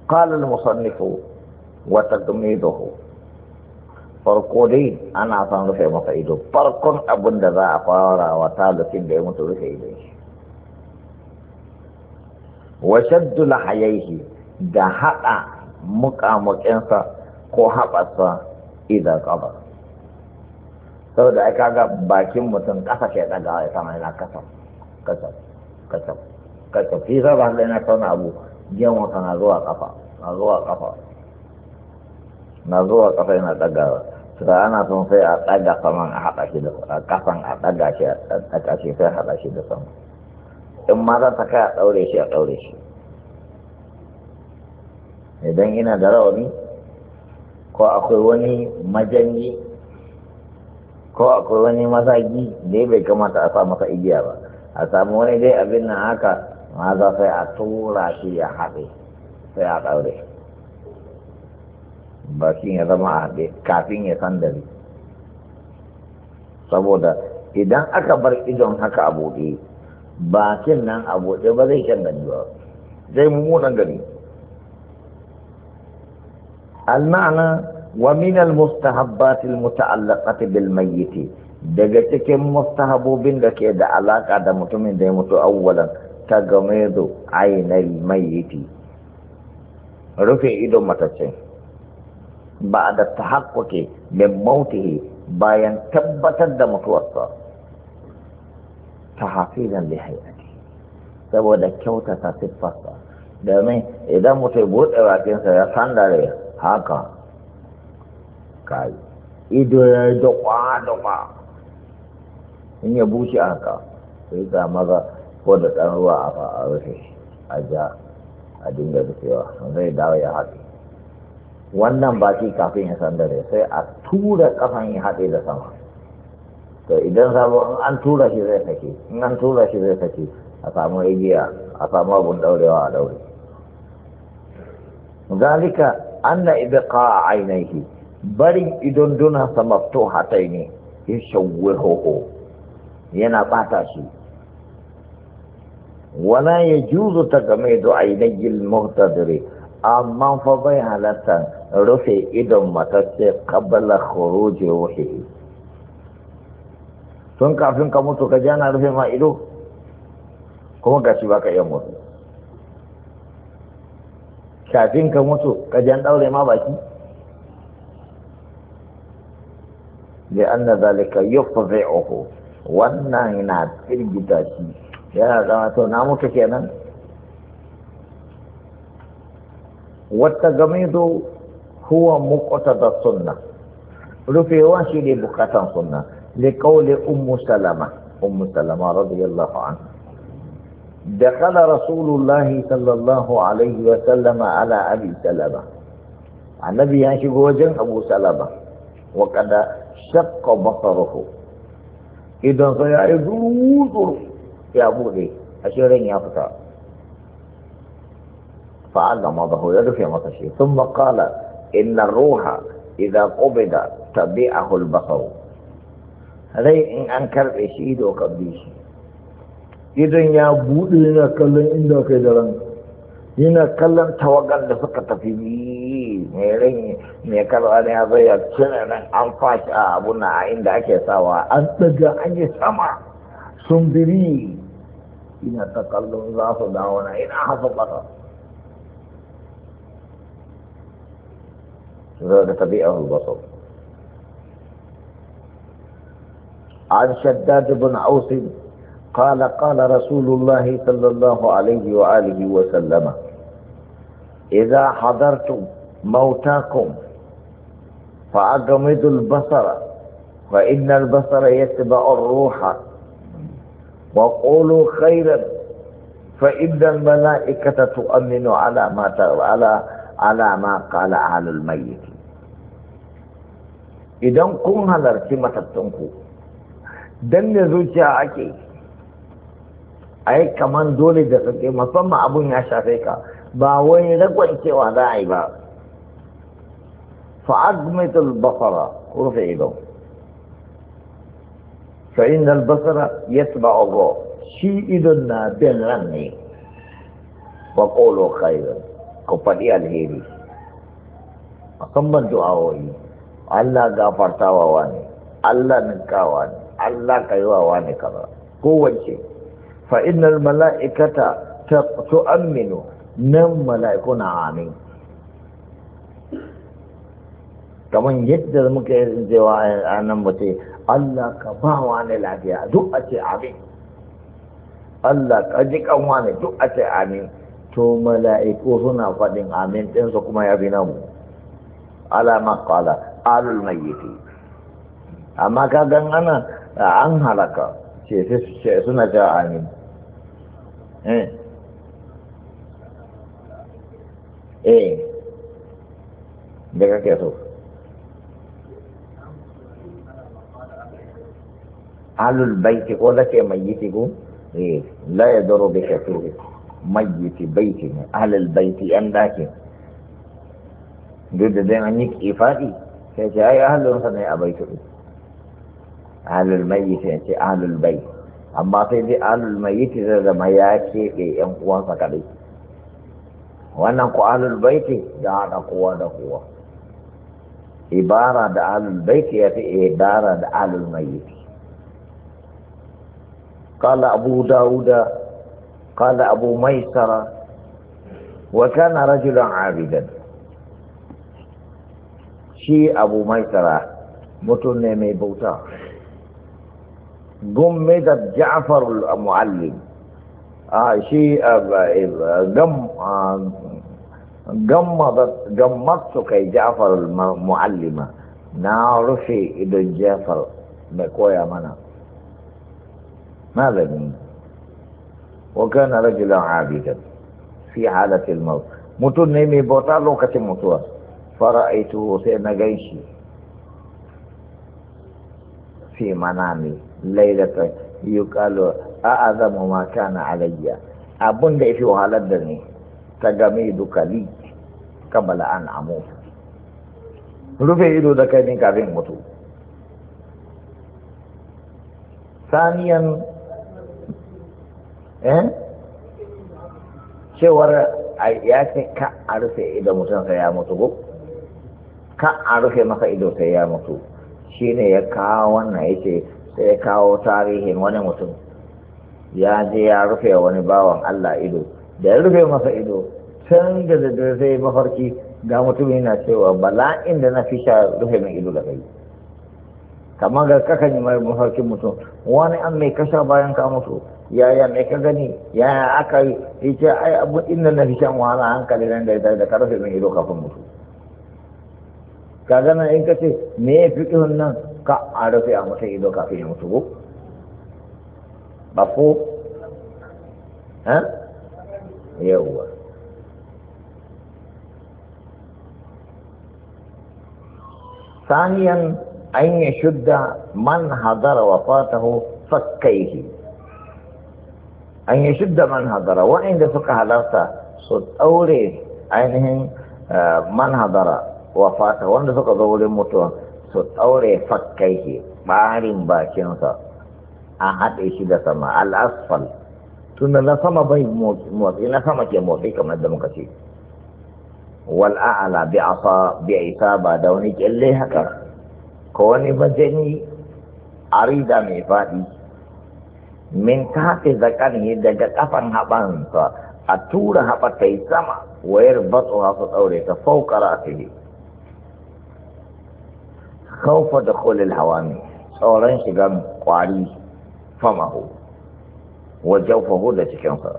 S1: wata المصنف وتقميضه farko dai ana son rufe masa ido farkon abin da za a fara wa talibin da ya mutu rufe ido shi wa shaddula hayaihi da haɗa muƙamuƙinsa ko haɓasa idan ƙabar saboda ai kaga bakin mutum kasa ke daga ya sama yana kasa kasa kasa kasa fi sa ba da yana tauna abu jiyan wata na zuwa kafa na zuwa kafa na zuwa kafa yana daga sura ana son sai a daga saman a haɗa shi da kasan a daga shi a daga shi sai a haɗa shi da sama in ma zan ta kai a ɗaure shi a ɗaure shi idan ina da rawani ko akwai wani majanyi ko akwai wani mazagi da bai kamata a sa masa igiya ba a samu wani dai abin nan haka maza sai a tura shi ya haɗe sai a ɗaure bakin ya zama a haɗe kafin ya sandari saboda idan aka bar idon haka a buɗe bakin nan a buɗe ba zai kyan gani ba zai mummunan gani al-ma'ana wa mustahabbati mustahabbatil muta'allaqati bil mayyit daga cikin mustahabobin da ke da alaka da mutumin da ya mutu awwalan ta game da ainal mayyiti rufe ido matace ba da tahakkuke min mautihi bayan tabbatar da mutuwarsa ta hafizan li hayati saboda kyautata siffarsa domin idan mutum buɗe bakinsa ya sandare haka kai ido ya yi dokwa dokwa in ya bushe aka sai ga maza ko da ɗan ruwa a rufe a ja a dinga rufewa zai dawo ya haɗe wannan ba shi kafin ya san dare sai a tura kafan ya haɗe da sama to idan sabon an tura shi zai sake in an tura shi zai sake a samu igiya a samu abun daurewa a daure zalika anna ibqa ainihi barin idon duna samafto hatai ne ya shawwe hoho yana bata shi wala ya juzo ta game da ainihin muhtadiri amma fa bai halatta rufe idon matacce kabbala khuruji ruhi tun kafin ka mutu ka ji ana rufe ma ido kuma gashi ba ka iya mutu kafin ka mutu ka ji an daure ma baki لأن ذلك يفضعه wannan yana firgita shi yana zama to na mutu kenan wata da huwa muqata da sunna rufewa shi ne bukatan sunna li qawli ummu salama ummu salama radiyallahu anha دخل رسول الله صلى الله عليه وسلم على أبي سلمة النبي يشكو وجن أبو سلمة وقد شق بصره اذا سيعيدوه يا بودي اشيرين يا فتاه فعلم ظهر يده في مطشه ثم قال ان الروح اذا قبض تبعه البصر هذي ان انكر اشيد وقبيش اذا يا بودي انا كلا عندك درنك yana kallon tawagan da suka tafi mai ran mai kalwa ne ya zai ya cire nan an fashi a abuna a inda ake sawa an ɗaga an yi sama sun biri ina ta kallon za su dawo na ina hafa ƙasa zai da tabi'ar basau عن شداد بن أوس قال قال رسول الله صلى الله عليه وآله وسلم إذا حضرتم موتاكم فأغمضوا البصر فإن البصر يتبع الروح وقولوا خيرا فإن الملائكة تؤمن على ما على على ما قال أهل الميت إذا كن على ارتمة التنكو دن زوجة أكي أي كمان دولي دقيقة مصمع أبو ناشا فيك ba wai ragwancewa za a yi ba فعظمة البصر رفع فإن البصر يتبع الروح شيء إذن بالرمي وقولوا خيرا كفري الهيري أصمم دعاوي الله غافر تاواني الله واني الله كيواواني كذا قوة شيء فإن الملائكة تؤمن nan mala'iku na amin kamar yadda muka yi cewa a nan ba ce Allah ka ba wa ne lafiya duk a ce amin Allah ka ji kan ne duk a ce amin to mala'iku suna faɗin amin ɗinsu kuma ya bi namu alama kwala alul mayyiti amma ka gan ana an halaka ce suna ja amin eh. ايه بقى كده طول قالوا البيت قول لك يا ميتي قوم ايه لا يضر بك فيه ميت بيتي اهل البيت ام ذاك جد دائما نيك ايفادي كيف اي اهل الوطن يا بيت اهل الميت اهل البيت اما في اهل الميت اذا ما ياكي ان قوان فكاليك wannan ku alul baiti da haɗa kowa da kowa ibara da alul baiti ya fi ibara da alul mayyiti قال أبو داود قال أبو ميسرة وكان رجلا عابدا شي أبو ميسرة متن ميبوتا جمدت جعفر المعلم آه شي أب... a gammar su kai jafar mu'allima na rufe idon jafar mai koya mana malami wa kana rajulan abidan fi halatil mawu, mutum ne mai bauta lokacin mutuwa fara'aituhu sai na shi fi manami lailata a a'azamu ma kana alayya abin da fi wahalar da ni tagamidu kali kamala an amu rufe ido da kai ne kafin mutu saniyan eh cewar ya ce ka a rufe ido mutum ya mutu ko ka a rufe masa ido sai ya mutu shine ya kawo wannan ya ce sai ya kawo tarihin wani mutum ya je ya rufe wani bawan Allah ido da ya rufe masa ido can da daddare zai mafarki ga mutum yana cewa bala'in da na fisha rufe mai ido da kai kamar ga kakan yi mafarkin mutum wani an mai kasha bayan ka mutu yaya mai ka gani yaya aka yi ya ce ai abu inda na fishan wahala hankali nan da ya da ka rufe mai ido kafin mutu ka gana in ka ce me ya fi nan ka a rufe a mutum ido kafin ya mutu ba ko? yawwa saniyan an yi shudda man hadara wa fatahu fakkaihi an yi shudda man hadara wa'inda suka halarta su ɗaure ainihin eh, man hadara wa fatahu wanda suka zo wurin mutuwa su ɗaure fakkaihi ɓarin bakinsa a haɗe shi da sama al'asfal asfal tunda na sama bai motsi na sama ke motsi kamar da muka ce wal a'ala bi asa bi isa ba da wani kyalle haka ko wani bajani arida mai faɗi min ta fi zakani daga kafan haɓansa a tura haɓa ta yi sama wayar batsuwa su ɗaure ta faukara ta yi kaufa da kolil hawami tsoron shigan kwari famahu Wajen jawfahu da cikinsa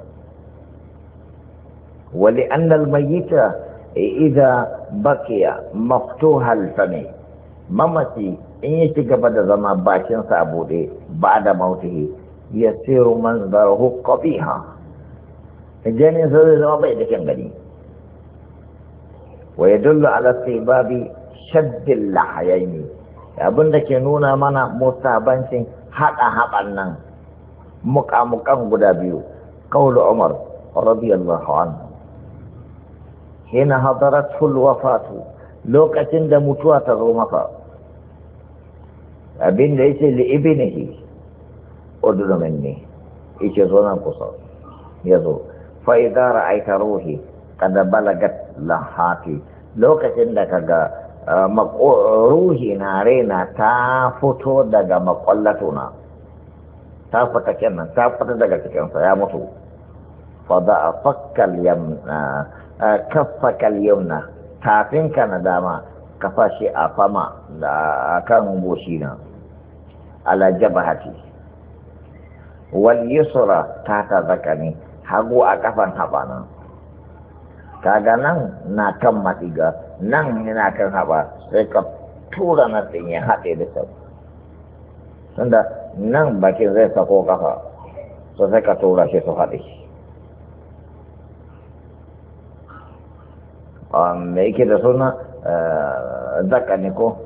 S1: wali annal mayyita e, idza baqiya maftuhal fami mamaci in ya ci gaba da zama bakinsa a bude ba da mautihi ya siru manzarahu qabiha ganin sa zai zama bai da kyan gani wa yadullu ala istibabi shaddil lahayaini abin da ke nuna mana musabancin haɗa haɓan nan mukamukan guda biyu kawulu umar radiyallahu anhu hina hadaratul wafatu lokacin da mutuwa ta zo maka abin da yace li ibnihi udur minni yace zo nan kusa yazo fa idza ra'aita ruhi qad balagat lahati lokacin da kaga uh, ruhi na rena ta fito daga makwallatuna ta fita kenan ta fita daga cikinsa ya mutu fa a fakkal yamna ka fakkal yamna tafin ka na dama ka fashi a fama da kan goshi na ala jabahati wal yusra ta ta zakani hagu a kafan habana kaga nan na kan matiga nan yana kan haba sai ka tura na ya haɗe da sau tunda nan bakin zai sako kafa so sai ka tura shi su haɗe me yake da suna eh, zaka ne ko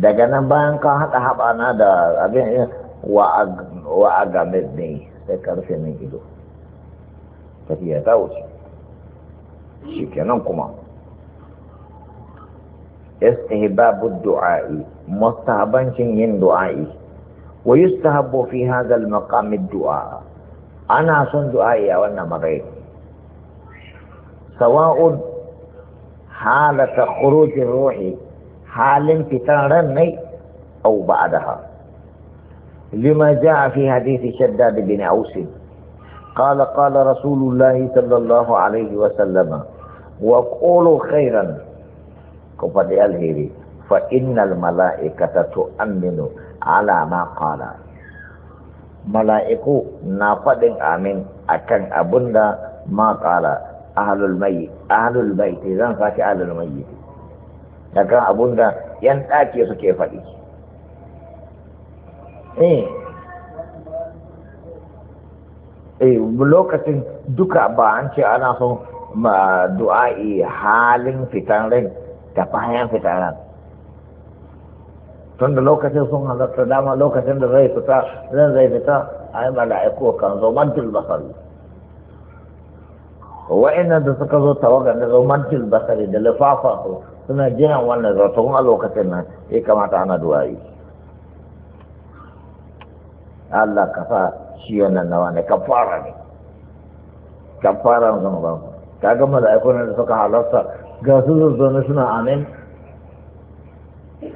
S1: daga nan bayan ka haɗa haɓana da abin wa game ne sai karfe min ido tafiya ta wuce shi kenan kuma istihbabu du'a'i mustahabancin yin du'a'i ويستهب في هذا المقام الدعاء أنا أصن دعائي وأنا مريض سواء حالة خروج الروح حال انفتار أو بعدها لما جاء في حديث شداد بن أوس قال قال رسول الله صلى الله عليه وسلم وقولوا خيرا كفر الهيري fa innal mala'ikata tu'minu ala ma qala mala'iku na faɗin amin akan abunda ma qala ahlul mayyit ahlul bait zan saki ahlul mayyit daga abunda yan ɗaki suke faɗi eh eh lokacin duka ba an ce ana son du'a'i halin fitan rai da bayan fitan rai tun da lokacin sun halatta dama lokacin da zai fita zan zai fita a yi mala'iku kan zo mantil basari wa'annan da suka zo tawagar da zo mantil basari da lifafa su suna jiran wannan zartun a lokacin nan ya kamata ana duwayi Allah ka sa shi wannan nawa ne ka fara ne ka ne zan Ka ga mala'iku da suka halarta ga su zazzaune suna amin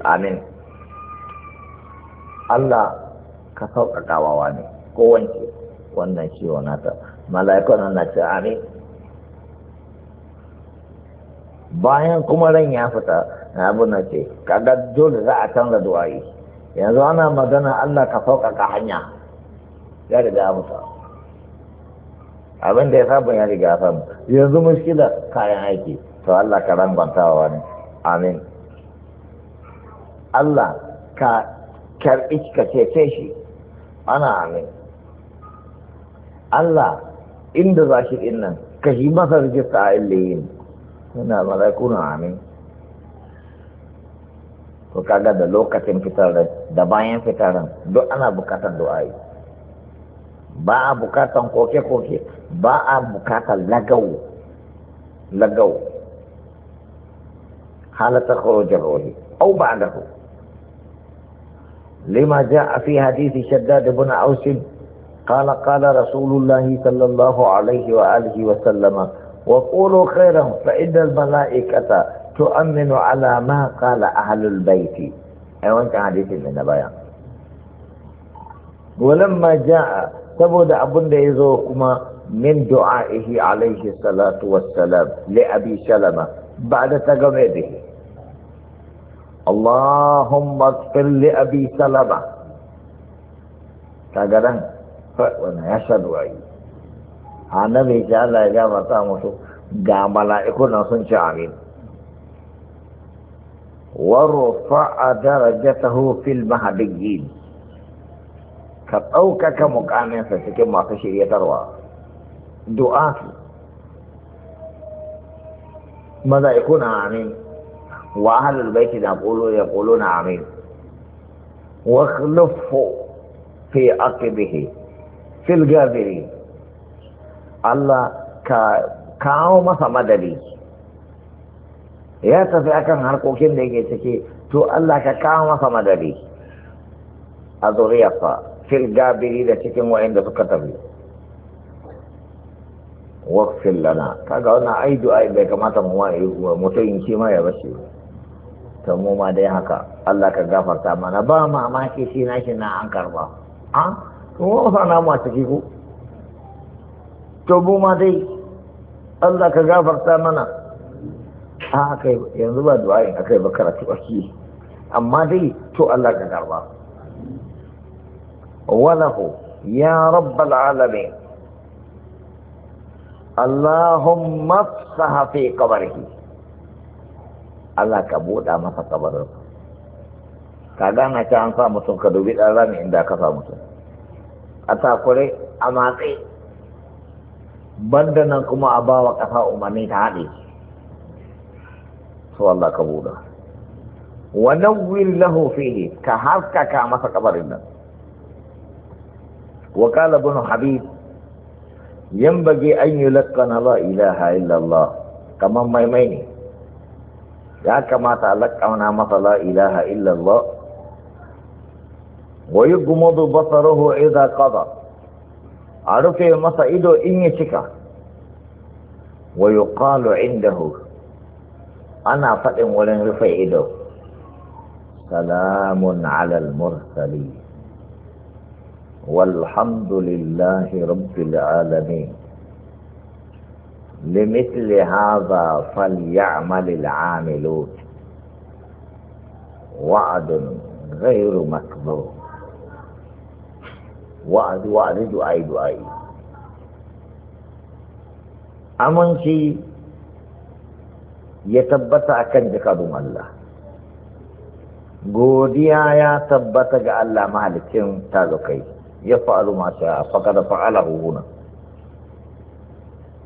S1: amin Allah ka sauƙaƙawa ne ko wanke wannan ciwo nata mala'ikun na ce amin bayan kuma ran ya fita na abu na ce kaga dole za a canza duwayi yanzu ana magana Allah ka sauƙaƙa hanya ya riga ya abin da ya samu ya riga ya samu yanzu da kayan aiki to Allah ka rangwanta wa wani amin Allah ka karɓi ka cece shi ana amin Allah inda za shi ɗin nan ka shi masa rijista a illiyin suna malakuna amin Ko kaga da lokacin fitar da bayan fitarin duk ana bukatar du'a'i ba a bukatar koke-koke ba a bukatar lagau lagau halatta kawo jarori au ba da لما جاء في حديث شداد بن أوس قال قال رسول الله صلى الله عليه وآله وسلم وقولوا خيرا فإن الملائكة تؤمن على ما قال أهل البيت أي وانت حديث من بيان ولما جاء سبود أبن يزوكما من دعائه عليه الصلاة والسلام لأبي سلمة بعد تقميده اللهم اغفر لأبي سلمة كذا فأنا يسد وعي أنا بيجا لا يجاب تامسو جاما لا يكون نصن شعرين ورفع درجته في المهديين كتوك كمقام فسك ما تشيري تروى دعاك ماذا يكون عامين آه wa ahlul baiti na qulu na amin wa khlufu fi aqibihi fil gabiri Allah ka kawo masa madadi ya tafi akan harkokin da yake ciki to Allah ka kawo masa madadi a zuriyarsa fil gabiri da cikin wa'inda suka tafi waqfil lana kaga wannan ai du'a bai kamata mu wa mutum shi ma ya bashi ba to mu ma dai haka Allah ka gafarta mana ba mamaki shi na shi na an karba a to mu fa na mu a ciki ku to mu ma dai Allah ka gafarta mana a kai yanzu ba du'a akai ba karatu ake amma dai to Allah ka karba وله ya rabbal alamin اللهم افسح في قبره Allah ka buɗa masa kabarin ka gana ta an sa mutum ka dubi ɗan rami inda ka sa mutum a takure a matsi banda nan kuma a bawa ƙasa umarni ta haɗe su Allah ka buɗa wannan wil lahu fihi ka haskaka masa kabarin nan وقال ابن Habib. ينبغي an يلقن لا إله إلا الله كما maimai ne ya kamata a laƙauna masa la ilaha illallah wa yi basaruhu idha qada a masa ido inye ya cika wa yuqalu indahu ana faɗin wurin rufe ido salamun ala alal mursali walhamdulillahi rabbil alamin لمثل هذا فليعمل العاملون وعد غير مكذوب wa'adu wa'adu du'ai du'ai aminci ya tabbata akan jakadun Allah godiya ya tabbata ga Allah mahalicin talukai ya fa'alu ma sha faqad fa'alahu huna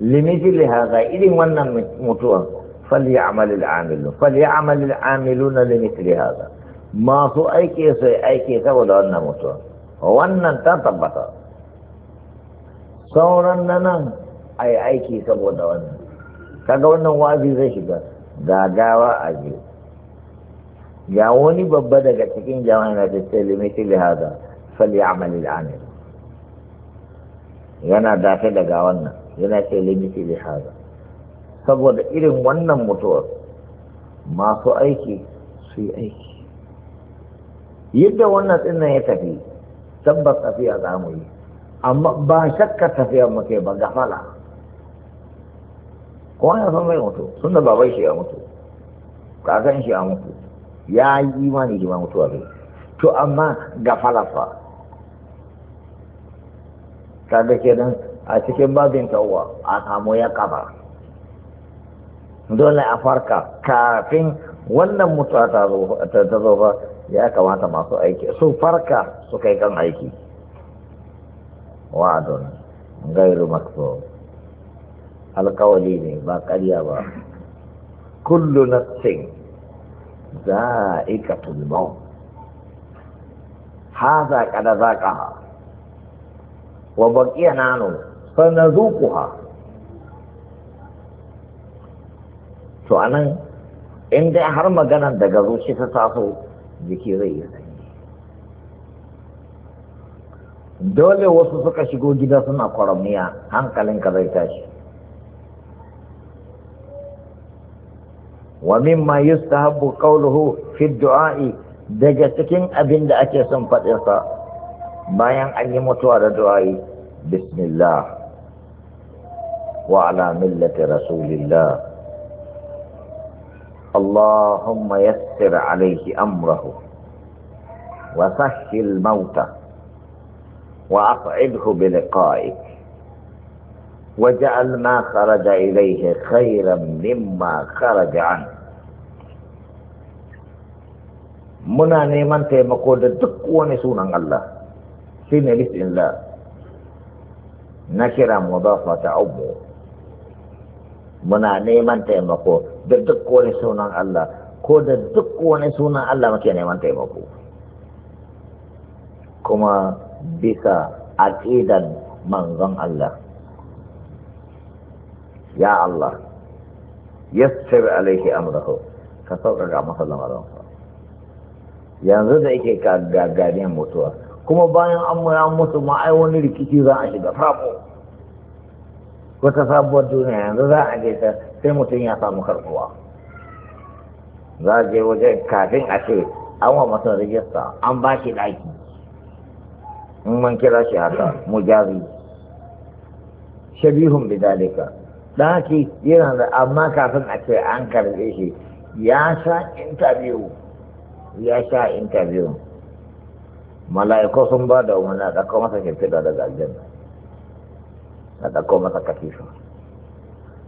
S1: li hadha irin wannan mutuwan falyamal al'amilun falyamal limiti li hadha masu aiki sai aiki saboda wannan mutuwa wannan ta tabbata sauran na nan a yi aiki saboda wannan kaga wannan wazi zai shiga gagawa a je Ya wani babba daga cikin jama'a na tattalin limiti da haza fali amali da yana dace daga wannan yana ce limiti da haza saboda irin wannan mutuwar masu aiki su yi aiki yadda wannan tsinnan ya tafi tabbas tafiya za mu yi amma ba shakka tafiya muke ba gafala kuma ya san mai mutu sun da babai shi ya mutu kakan shi ya mutu ya yi imani da mutuwa bai to amma gafala fa ke kenan a cikin babin tawwa a samu ya kaba dole a farka kafin wannan mutuwa ta zo ba ya kamata masu aiki su farka su kai kan aiki wa'adun gairu makso alkawali ne ba karya ba kullu nafsin za'iqatul maut hadha qad zaqaha wa baqiya nanu fanazuquha to anan in dai har maganan daga zuci ta taso jiki zai yi sanyi dole wasu suka shigo gida suna kwaramiya hankalinka zai tashi wa mimma yustahabbu qawluhu fi du'a'i daga cikin abin da ake son faɗinsa bayan an yi mutuwa da du'a'i bismillah وعلى ملة رسول الله اللهم يسر عليه أمره وسهل الموت وأقعده بلقائك وجعل ما خرج إليه خيرا مما خرج عنه muna neman taimako da duk wani sunan Allah shi ne bismillah na kira mu ta muna neman taimako da duk wani sunan Allah ko da duk wani sunan Allah muke neman taimako kuma bisa aqidan manzon Allah ya Allah yassir alaihi amrahu ka sauƙaƙa masa lamarinsa yanzu da yake ka gagarin mutuwa kuma bayan an mutu ma ai wani rikici za a shiga famo wata sabuwar duniya yanzu za a je ta sai mutum ya samu karbuwa za a je wajen kafin a ce an wa masa rijista an ba shi ɗaki in man kira shi haka jari shabihun bidalika ɗaki yana da amma kafin a ce an karbe shi ya sha intabiyu ya sha intabiyu mala'iku sun ba da umarni a ɗaukar masa shimfiɗa daga aljanna na ɗauko masa katifa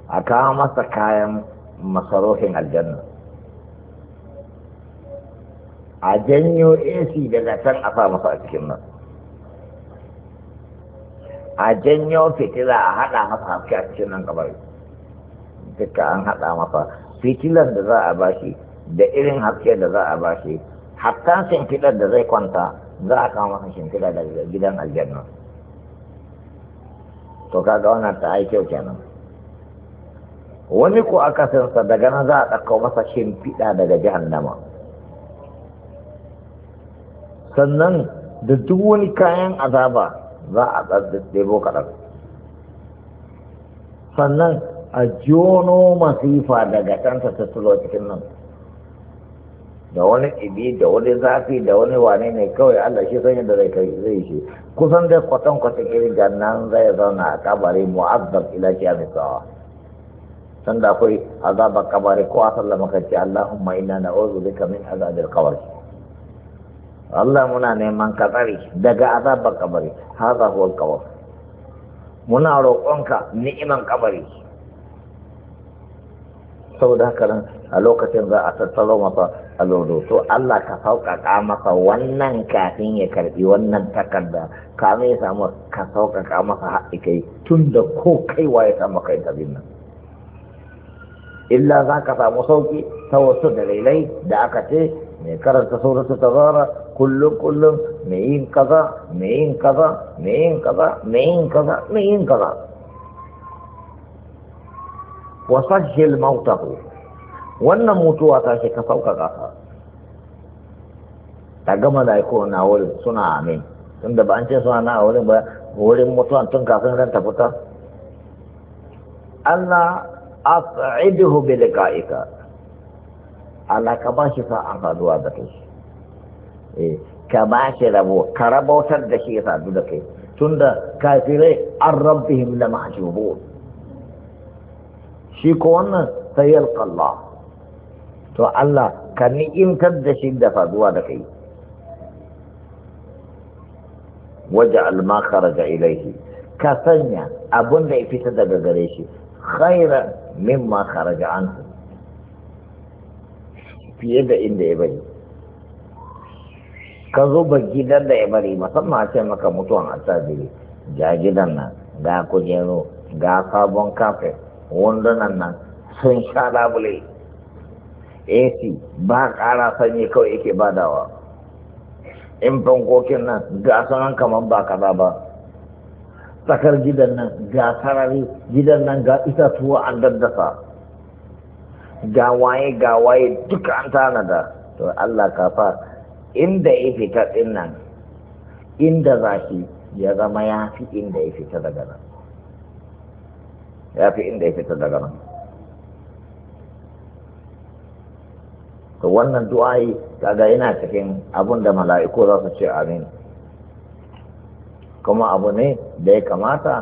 S1: a kawo masa kayan masarofin aljanna a janyo ac daga can a sa masa a cikin nan a janyo fitila a haɗa masa haske a cikin nan kamar duka an haɗa masa fitilar da za a bashi da irin haske da za a bashi hatta shimfidar da zai kwanta za a kawo masa shimfidar daga gidan aljanna to kaga wannan ta ai kyau kenan wani ko akasinsa daga nan za a ɗauko masa shimfiɗa daga jahannama sannan da duk wani kayan azaba za a ɗaɗɗebo kaɗan sannan a jono masifa daga ɗansa ta tulo cikin nan da wani ibi da wani zafi da wani wane ne kawai Allah shi sanya da zai kai zai shi kusan dai kwatan kwata kirga nan zai zauna a kabari mu'azzab ila a misawa. san da akwai azabar kabari ko a da maka ce Allahumma inna na'udhu bika min azabil qabr Allah muna neman katsari daga azabar kabari hadha huwa al-qabr muna roƙonka ni'iman kabari saboda haka nan a lokacin za a tattaro masa kaloro to Allah ka sauƙaƙa masa wannan kafin ya karɓi wannan takarda kamin ya samu ka sauƙaƙa masa haɗi kai tun da ko kaiwa ya samu kai tabin nan illa za ka samu sauƙi ta wasu dalilai da aka ce mai karanta suratul tazara kullum kullum mai yin kaza mai yin kaza mai yin kaza mai yin kaza mai yin kaza wasajjil mautahu wannan mutuwa ta shi ka sauƙaƙa ka ta gama da aiko na wurin suna amin tun da ba an ce suna na wurin ba wurin mutuwan tun kafin ran ta fita Allah as'iduhu bi liqa'ika Allah ka ba shi sa'an faduwa da kai eh ka ba shi rabo ka rabautar da shi ya sadu da kai tunda kafirai an rabbihim la mahjubun shi ko wannan sai yalqa Allah to Allah ka ni'imtar da shi da faduwa da kai waje almakar kharaja ilaihi ka sanya abun da ya fita daga gare shi khaira mimma kharaja an fiye da inda ya bari ka zo ba gidan da ya bari musamman a ce maka mutuwan asabiri ga gidan nan ga kujeru ga sabon kafin wundunan nan sun sha labule AC ba ƙara sanyi kawai yake badawa in fankokin nan ga sanan kamar ba kaza ba tsakar gidan nan ga sarari gidan nan ga itatuwa an daddasa ga waye ga waye duk an tanada to Allah ka fa inda ya fita din nan inda shi ya zama ya fi inda ya fita daga nan ya fi inda ya fita daga nan to wannan du'a'i kaga yana cikin abun da mala'iku za su ce amin kuma abu ne da ya kamata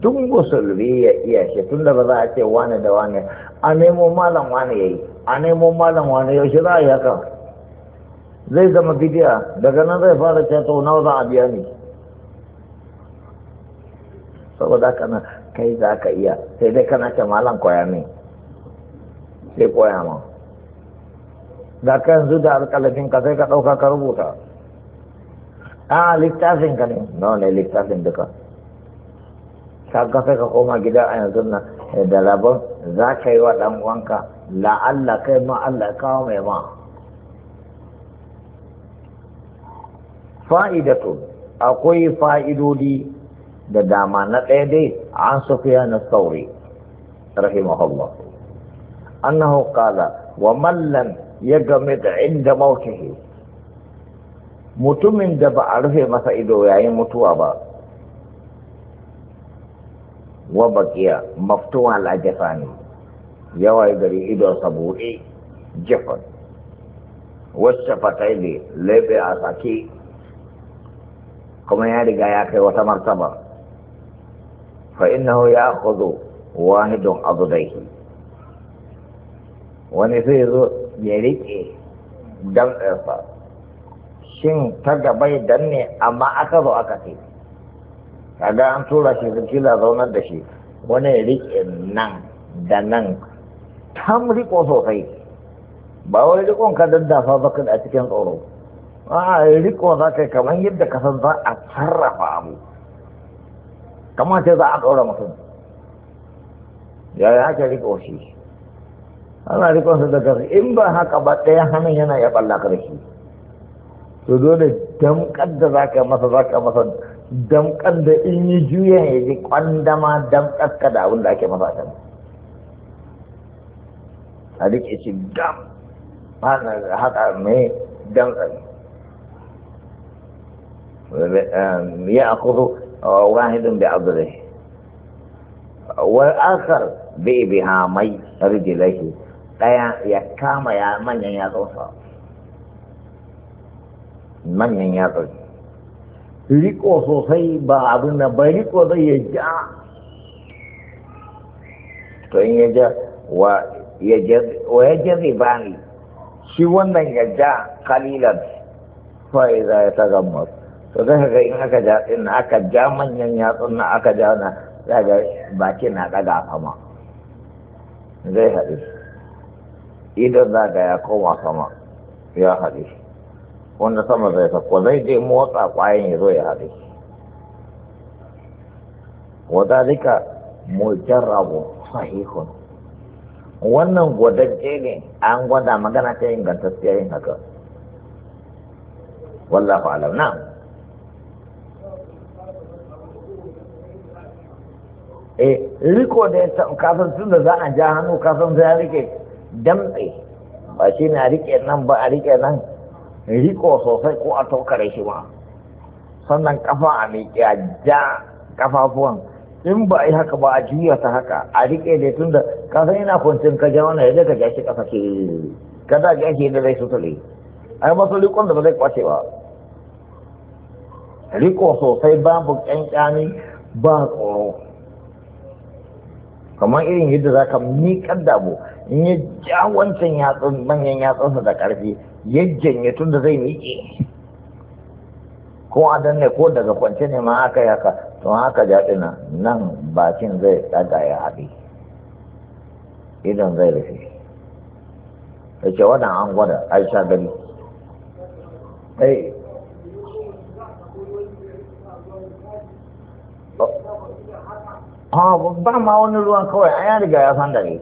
S1: duk musulmi ya iya shi tun da ba za a ce wane da wane a nemo malam wane ya yi a nemo malam wane shi za a yi haka zai zama bidiya daga nan zai fara to nawa za a biya ni saboda haka nan kai za ka iya sai dai kana ce malam koya ne sai koya ma ga ka yanzu da alƙalafin ka sai ka ɗauka ka rubuta a littafin ka ne nawa ne littafin duka ka ga sai ka koma gida a yanzu na eh, da labar za ka yi wa ɗan uwanka Allah kai ma Allah kawo mai ma fa'idatu akwai fa'idodi da dama na ɗaya dai an sufiya na sauri rahimahullah annahu qala wa man lam ya game da inda mautihi mutumin da ba a rufe masa ido yayin mutuwa ba wa bakiya maftuwa la ne yawa gari idon sabuɗe jafan wasu fatai ne lebe a sake kuma ya riga ya kai wata martaba fa innahu ya khudhu wahidun adudaihi wani sai zo ya riƙe damtsarsa shin ta gaba ya danne amma aka zo aka ce kaga an tura shi kila zaunar da shi wani ya riƙe nan da nan tam riƙo sosai ba wai riƙon ka daddafa ba a cikin tsoro a riƙo za ka kamar yadda ka san za a sarrafa abu kamar ce za a ɗora mutum yaya ake riƙo shi ana rikon su daga in ba haka ba ɗaya hannun yana ya balla ka da shi to dole damkar da za ka masa za ka masa damkar da in yi juya ya ji kwandama damkar ka da abin da ake masa kan a rike shi dam haka mai damkar ya akudu wahidun bi abdullahi wal akhar bi bihamai rijlaihi daya ya kama ya manyan yatsunsa manyan yatsun riko sosai ba abin da ba riko zai ya ja to in ya ja wa ya ja zai ba ni shi wannan ya ja kalilan fa'iza ya tagammas to zai ga in aka ja in aka ja manyan yatsun na aka ja na zaga baki na daga sama zai haɗu idan za ga ya koma sama ya haɗe shi wanda sama zai sakko zai je motsa kwayan ya zo ya haɗe shi wata zika mujarrabu sahihun wannan gwadajje ne an gwada magana ta ingantacciya yin haka wallafa alam na eh riko da ya kasan tun da za a ja hannu kasan zai rike damɗe ba shi a riƙe nan ba a riƙe nan riƙo sosai ko a tokare shi ba sannan kafa a miƙe a ja kafafuwan in ba a yi haka ba a juya ta haka a riƙe da tun da kasan yana kwancin ka ja wani yadda ka ja shi ƙasa ke da ja shi yadda zai sutule ai masu riƙon da ba zai kwace ba riƙo sosai babu ƙyanƙyani ba tsoro kamar irin yadda za ka miƙar da abu in ya ja wancan yatsun manyan yatsunsa da ƙarfi ya janye tun da zai miƙe ko a danne ko daga kwance ne ma haka haka to haka ja ɗina nan bakin zai ɗaga ya haɗe idan zai rufe ya ce wannan an gwada aisha gari. a ba ma wani ruwan kawai an ya riga ya san dare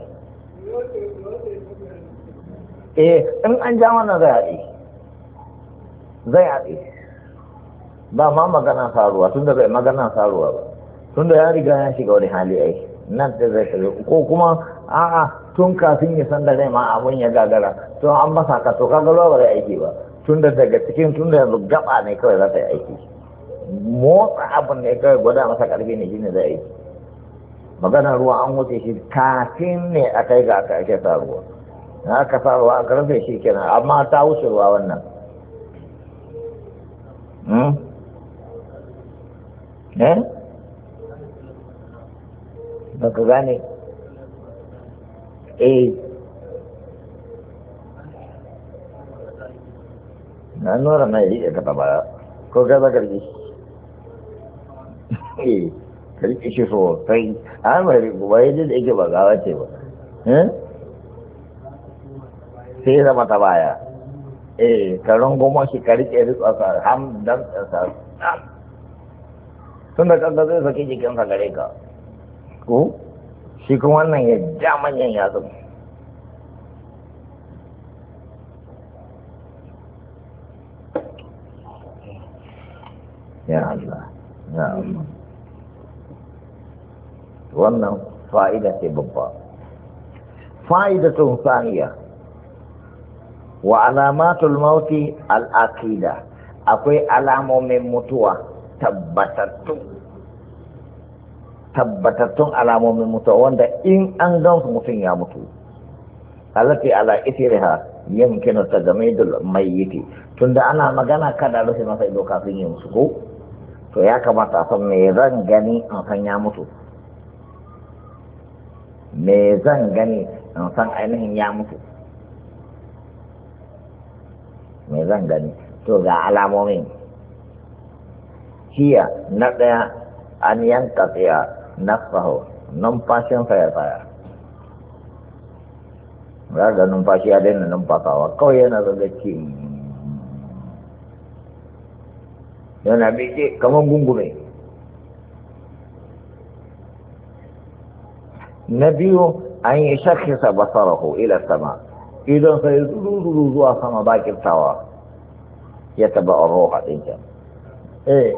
S1: eh in an ja wannan zai haɗe zai haɗe ba ma magana faruwa tunda bai magana faruwa ba tunda ya riga ya shiga wani hali ai nan da zai shiga ko kuma a'a tun kafin ya san dare ma abun ya gagara to an masa ka to kaga ba zai aiki ba tunda daga cikin tunda yanzu gaba ne kawai za ta yi aiki motsa abin da ya kawai gwada masa karfi ne shine zai aiki magana ruwa an wuce shi kafin ne a kai ga aka ake sa ruwa na aka sa ruwa aka rufe shi kenan amma ta wuce ruwa wannan hmm? eh? ba ka gane eh na nura mai yi ka taba baya ko gaza gargi eh ka riƙe shi sosai a mai riƙo ba yadda da yake ba gawa ce ba eh? sai zama ta baya eh ka rungumo shi ka riƙe riƙo sa ham dan sa tun da kanka zai sake jikinsa gare ka ko shi kuma wannan ya ja manyan yatsun ya Allah ya Allah wannan fa'ida ce babba Fa'ida fa'idatun saniya wa alamatul mauti al'aqida akwai alamomin mutuwa tabbatattun tabbatattun alamomin mutuwa wanda in an gansu mutum ya mutu alati ala game da mai mayyiti tunda ana magana kada rufe masa ido kafin ya mutu ko to ya kamata a san me zan gani an san ya mutu me zan gani in san ainihin ya mutu me zan gani to ga alamomin hiya na ɗaya an yanka tsaya na faho numfashin ya tsaya za ga numfashi ya daina numfasawa kawai yana zaga ce yana miƙe kamar gungume na biyu an yi shakisa basarahu ila sama idan sai zuru zuwa sama bakin tawa ya taba a roha can eh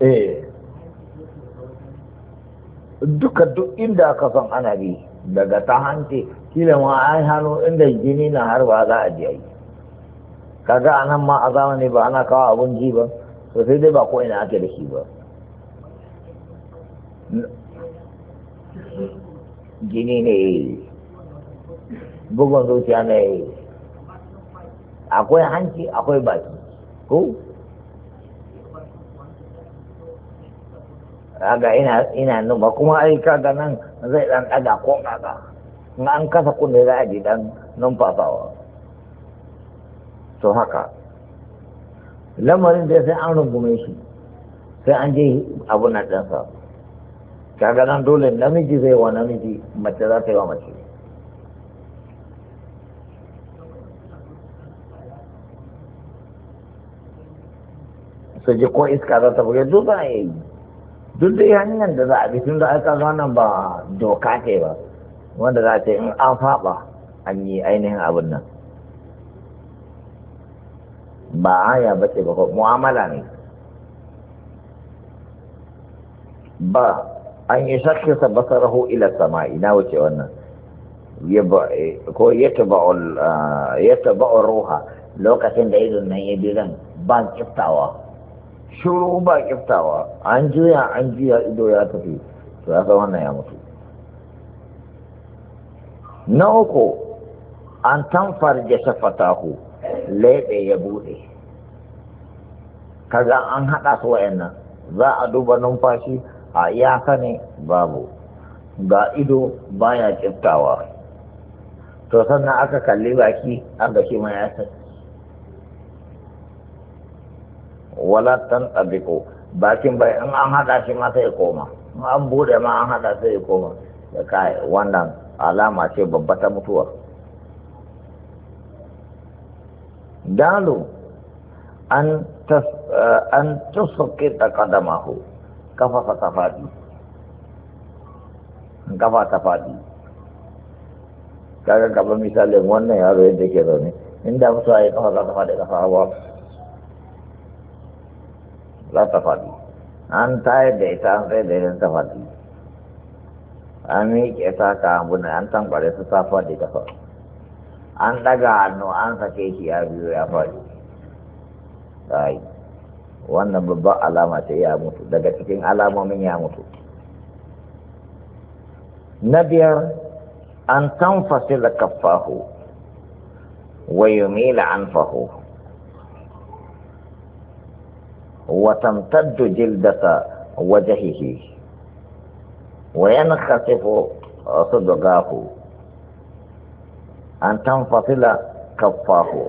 S1: eh duka duk inda aka son ana bi daga ta hanci kila ma ai hannu inda jini na har ba za a je yi kaga anan ma a zamani ba ana kawo abun ji ba sosai sai dai ba ko ina ake da shi ba jini ne bugun zuciya ne akwai hanci akwai baki ko kaga ina ina ba kuma ai kaga nan zai dan daga ko kaga in an kasa kun kunne za a ji dan numfasawa to haka lamarin da sai an rungume shi sai an je abu na ɗansa kaga nan dole namiji zai wa namiji mace za ta yi wa mace su ji ko iska za ta buge duk za yi duk dai hanyar da za a bi tun da aka zo nan ba doka ce ba wanda za a ce in an faɓa an yi ainihin abin nan ba aya ba ce ba mu'amala ne ba an yi shakka basarahu ila sama'i na wuce wannan eh, ko ya taba'u ah, ruha lokacin da idon nan ya biran ba kiftawa shuru ba kiftawa an juya an juya ido ya tafi to ya wannan ya mutu na uku an tamfar jasa fatahu leɓe ya buɗe kaga an haɗa su wa'annan za a duba numfashi a ya sani babu ga ido baya kiftawa to sannan aka kalli baki an ga shi ma ya sani wala tan tabiko bakin bai in an hada shi ma sai ya koma in an bude ma an hada sai ya koma da kai wannan alama ce babba ta mutuwa dalu an تصفقت eh, kadamahu kafa ta faɗi kafa ta faɗi kaga kamar misalin wannan yaro yadda ke zaune inda mutu a yi kafa za ta faɗi kafa hawa za ta faɗi an tayar da ita an tsaye da ita ta faɗi an miƙe ta ka ambuna an tankware su ta faɗi kafa an ɗaga hannu an sake shi ya biyu ya faɗi ta yi wannan babban alama ce ya mutu daga cikin alamomin ya mutu na biyar an tanfasi da kafahu wa yumila anfahu wa tamtaddu jildata wajhihi wa yankhasifu sadqahu an da kafahu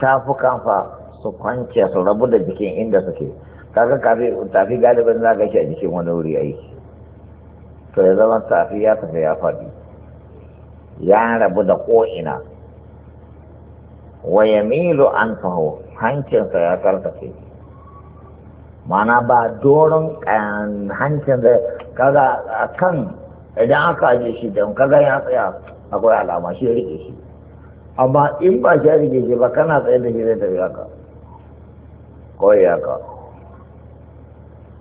S1: ta fi kanfa su kwance su rabu da jikin inda suke kaga kafi tafi galibin za ka shi a jikin wani wuri aiki to ya zama tafi ya tafi ya faɗi ya rabu da ko'ina wa ya milo an taho hancinsa ya karkace mana ba doron eh, hancin da kaga a kan idan aka aje shi don kaga ya tsaya akwai alama shi ya rike shi amma in ba shi ya rike shi ba kana tsaye da shi zai tafi haka kawai ya ka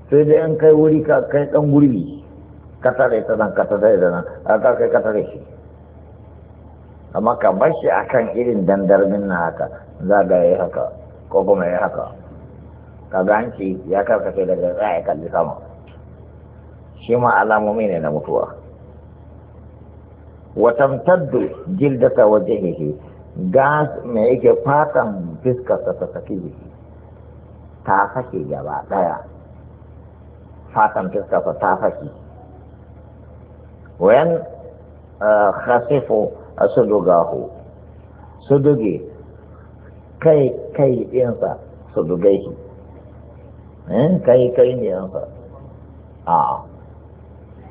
S1: sai dai an kai wuri ka kai dan gurbi katare ta nan katare da nan a ka kai katare shi amma ka bar shi akan irin dandarmin na haka za ga yi haka ko kuma ya haka ka ganci ya karkace daga za a kalli sama shi ma alamomi ne na mutuwa watamtaddu jildata wajehihi gas me yake fatan fiskarsa ta saki jiki ta fashe gaba ɗaya fatan fuskarsa ta fashe wayan eh, khasifo a sudugahu suduge kai kai ɗinsa duge shi eh, kai kai ne yansa a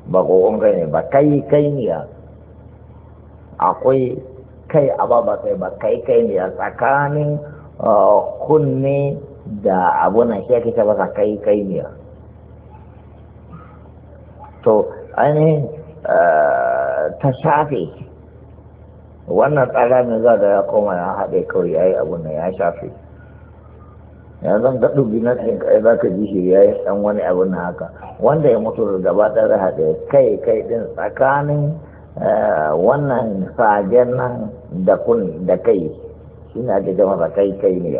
S1: ba kokon kai ne ba kai kai ne akwai kai a ba ba ba kai kai ne tsakanin eh, kunne da abu na shi ake baka kai kai ne to ainihin eh, ta shafe wannan tsara mai za da ya koma ya haɗe kawai ya yi abu ya shafe ya zan ga ɗubi na cikin kai za ka ji shi ya yi ɗan wani abu na haka wanda ya mutu da gaba ɗaya haɗe kai kai ɗin tsakanin eh, wannan sajen nan da kun da kai shi ne ake jama'a kai kai ne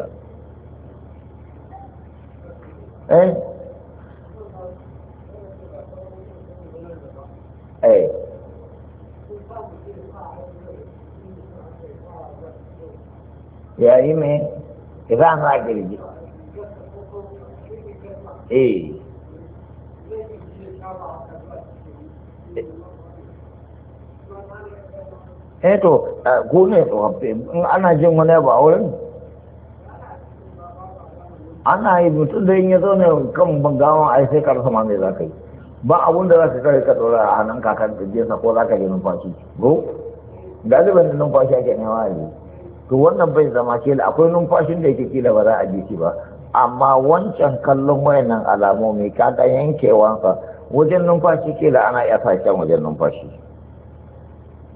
S1: Ê, eh eh ya yi me ifa ma girgi eh eh to gome to in ana jin wani abu a wurin ana yi mutum da yin ya ne kan bangawan ai sai karsa ma ne za ka yi ba abun da za ka kare ka tsora a hannun kakan jesa ko za ka yi numfashi go galiban da numfashi ake nema ne to wannan bai zama kila akwai numfashin da yake kila ba za a ji shi ba amma wancan kallon wayannan alamomi ka ga yankewansa wajen numfashi kila ana iya can wajen numfashi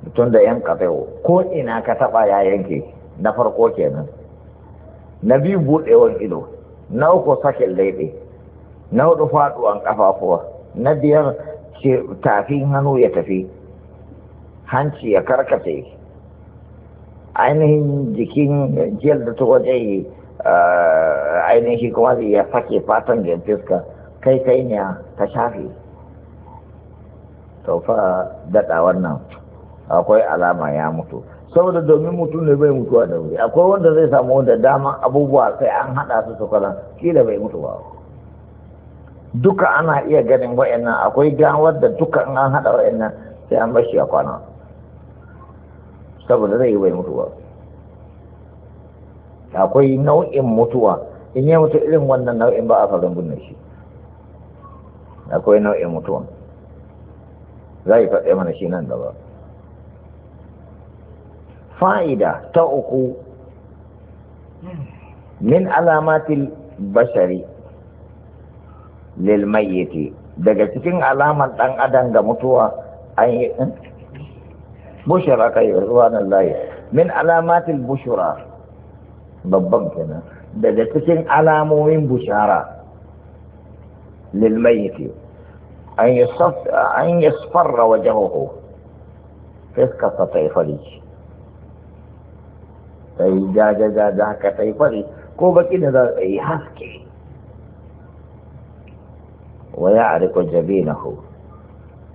S1: mutum da yan katsayo ko ina ka taba ya yanke na farko kenan na biyu buɗewan ido na uku sakin laifi na hudu faduwan kafafuwa na biyar tafin hannu ya tafi hanci ya karkace ainihin jikin jiyar da ta waje eh, ainihin kuma ya fake fatan da fiska kai kai ne ta shafe taufa daɗa wannan akwai alama ya mutu saboda domin mutum ne bai mutuwa da wuri akwai wanda zai samu wanda dama abubuwa sai an hada su su kwanan kila bai mutu ba duka ana iya ganin wa'annan akwai gawar da duka in an hada wa'annan sai an bashi a kwana saboda zai yi bai mutu ba akwai nau'in mutuwa in ya mutu irin wannan nau'in ba a farin binne shi akwai nau'in mutuwa za yi faɗe mana shi nan gaba. ba fa'ida ta uku min alamatil bashari lil mayyiti daga cikin alamar dan adam ga mutuwa an yi eh? bushara kai subhanallahi min alamatil bushara, babban kenan daga cikin alamomin bushara lil mayyiti an yasfarra wajhahu fiska ta fari Ka yi jajajaja haka ta yi fari ko baki da za ta yi haske wa ya a riko jabe na hu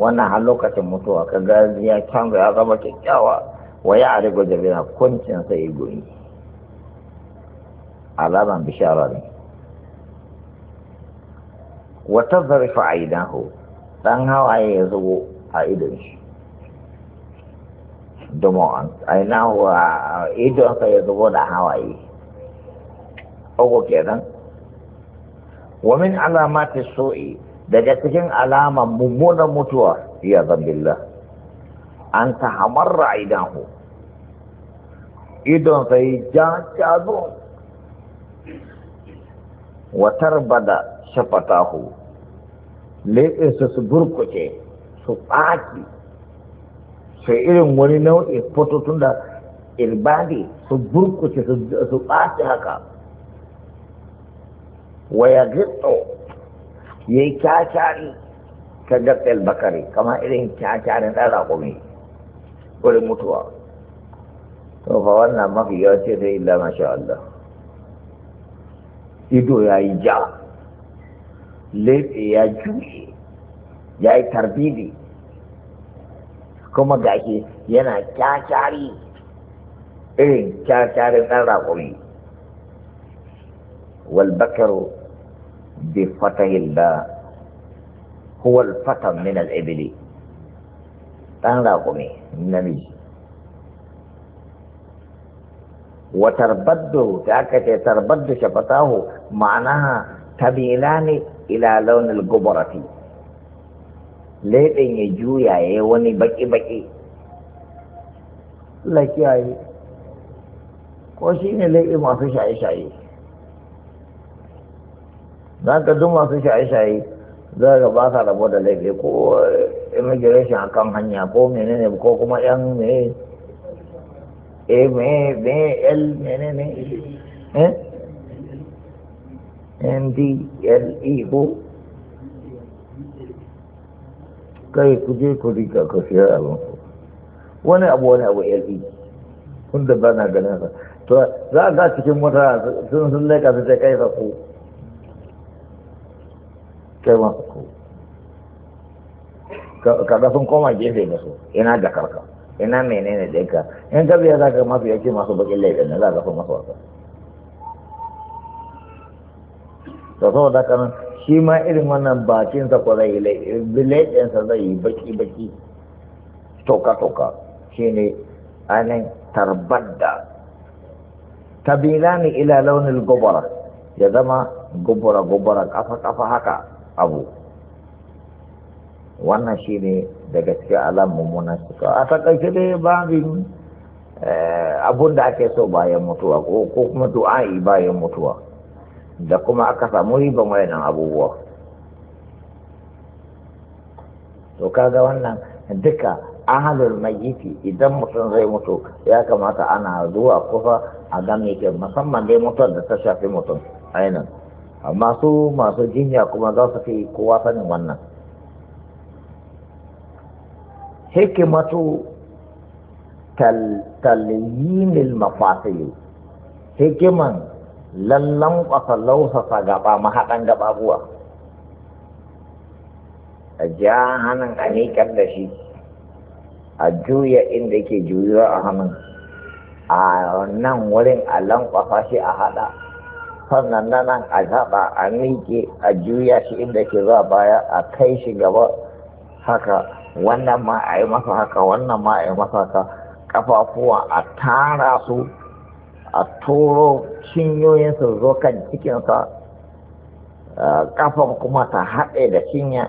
S1: wannan har lokacin mutuwa ka ga ya canza ya zama kyakkyawa wa ya a riko jabe na kuncin sa yi gumi alaman bishara ne wata zarfa a idan hu ɗan hawaye ya zubo a idon shi dumawan aina wa idonsa ya zubo da hawaye uku kenan wa min alamati su'i daga cikin alama mummunan mutuwa ya zambillah an ta hamarra idanhu idon sai ja jazo wa tarbada shafatahu leɓinsa su burkuce su ɓaki sai irin wani nau'in tun da irbadi su burkuce su ɓace haka waya gitso ya yi kyakyari ta gafel bakare kama irin kyakyarin ɗan raƙumi wurin mutuwa to fa wannan mafi yawanci sai illa masha Allah ido ya yi ja leɓe ya juye ya yi tarbidi kuma gashi yana kyakyari irin kyakyarin ɗan raƙuri والبكر بفتح الله هو الفتى من الإبل أنا قومي النبي وتربد تأكد تربد شفتاه معناها تميلان إلى لون القبرة leɓen ya juya ya yi wani baƙi-baƙi lakiyaye ko shi ne leɓe masu shaye-shaye za ka duk masu shaye-shaye za ka ba sa rabo da laifi ko immigration a kan hanya ko menene ko kuma yan me e me me el menene eh e ko kai ku je ku rika ku siya abin ku wani abu wani abu yalɗi kun e. da ba na ganin sa to za a ga cikin mota sun sun laika su kai ka ku kai ma ku kaga sun koma gefe da su ina da karka ina menene da ka in ka biya za ka masu yake masu bakin laifin na za ka fi masu wasa da saboda kanan shi ma irin wannan bakinsa ko zai yi bileɗinsa zai yi baki-baki toka-toka shi ne ainihin tarbadda bila ni ila launin gubara ya zama gubara-gubara kafa-kafa haka abu wannan shi ne daga cikin alam mummunan suka a takaice dai babin eh, abun da ake so bayan mutuwa ko kuma du'a'i bayan mutuwa da kuma aka samu riban wayanan abubuwa to kaga wannan duka ahalul mayyiti idan mutum zai mutu ya kamata ana zuwa kusa a ga me ke musamman dai mutuwar da ta shafi mutum ainihin amma su masu jinya kuma za su fi kowa sanin wannan hikimatu talyinil mafasili hikiman lallan kwasa lausasa gaba mahaɗan gaba buwa a ja hannun a miƙar da shi a juya inda ke juyuwa a hannun a nan wurin a lankwasa shi a haɗa sannan nan a zaɓa a miƙe a juya shi inda ke zuwa baya a kai shi gaba haka wannan ma a yi masa haka wannan ma a yi masa haka ƙafafuwa a tara su a turo cinyoyinsa zo kan cikinsa kafan kuma ta haɗe da cinya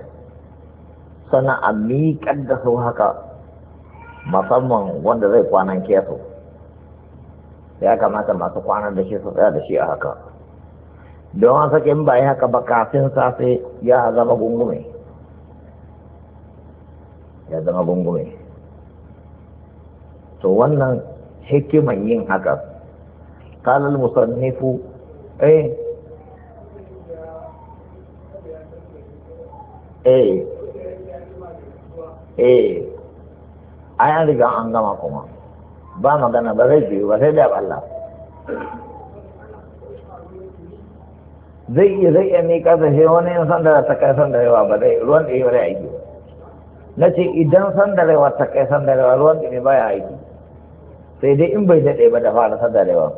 S1: sana a miƙar da su haka musamman wanda zai kwanan keso ya kamata masu kwanan da shi su tsaya da shi a haka don an sake ba haka ba kafin safe ya zama gungume ya zama gungume to wannan hikiman yin haka قال المصنف ايه ايه ايه ai an riga an gama kuma ba magana ba zai biyu ba sai da Allah zai iya zai iya miƙa ta shi wani yin sandara ta kai sandarewa ba zai ruwan da yi ba aiki na ce idan sandarewa ta kai sandarewa ruwan da ne baya aiki sai dai in bai daɗe ba da fara sandarewa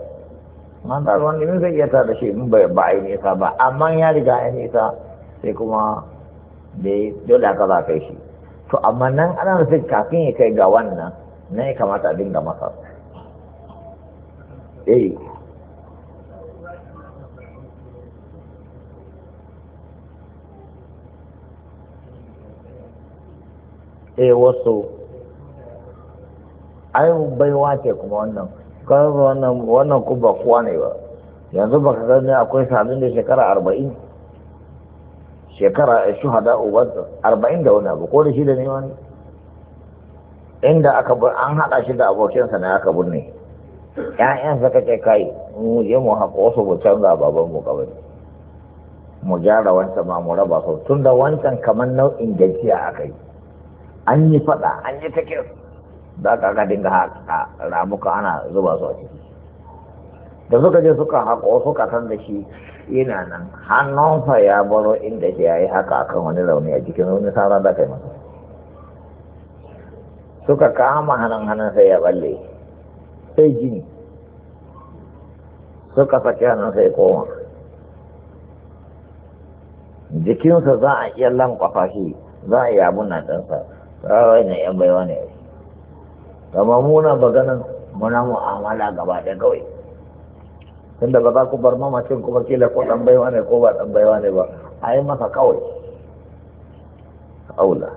S1: amma da ruwan ne zai iya ta da shi mun bai ba yi nisa ba amma ya riga ya nisa sai kuma da dole aka ba kai shi to amma nan ana da kafin ya kai ga wannan na ya kamata a dinga masa eh eh wasu ai baiwa ce kuma wannan kaga wannan wannan ku ba kowa ne ba yanzu ba ka gani akwai sami da shekara arba'in shekara shuhada ubar arba'in da wani abu ko da shi da neman wani inda aka an haɗa shi da abokinsa na aka binne ƴaƴan sa kake kai mu je mu haƙo wasu mu canza baban mu kawai mu gyara wancan ma mu raba su tunda wancan kamar nau'in gajiya yi. an yi faɗa an yi ta kyau da aka ga dinga haka ramuka ana zuba su a ciki da suka je suka haƙo suka san da shi yana nan hannunsa ya baro inda shi ya yi haka akan wani rauni a jikin wani sauran da kai masa suka kama hannun hannun sai ya balle sai jini suka saki hannun sai koma jikinsa za a iya lankwafa shi za a iya abun na ɗansa rawai na yan baiwa ne gama muna ganin muna mu'amala gaba da kawai tunda ba za ku bar mamacin kuma kila ko dan baiwa ne ko ba dan baiwa ne ba a yi masa kawai aula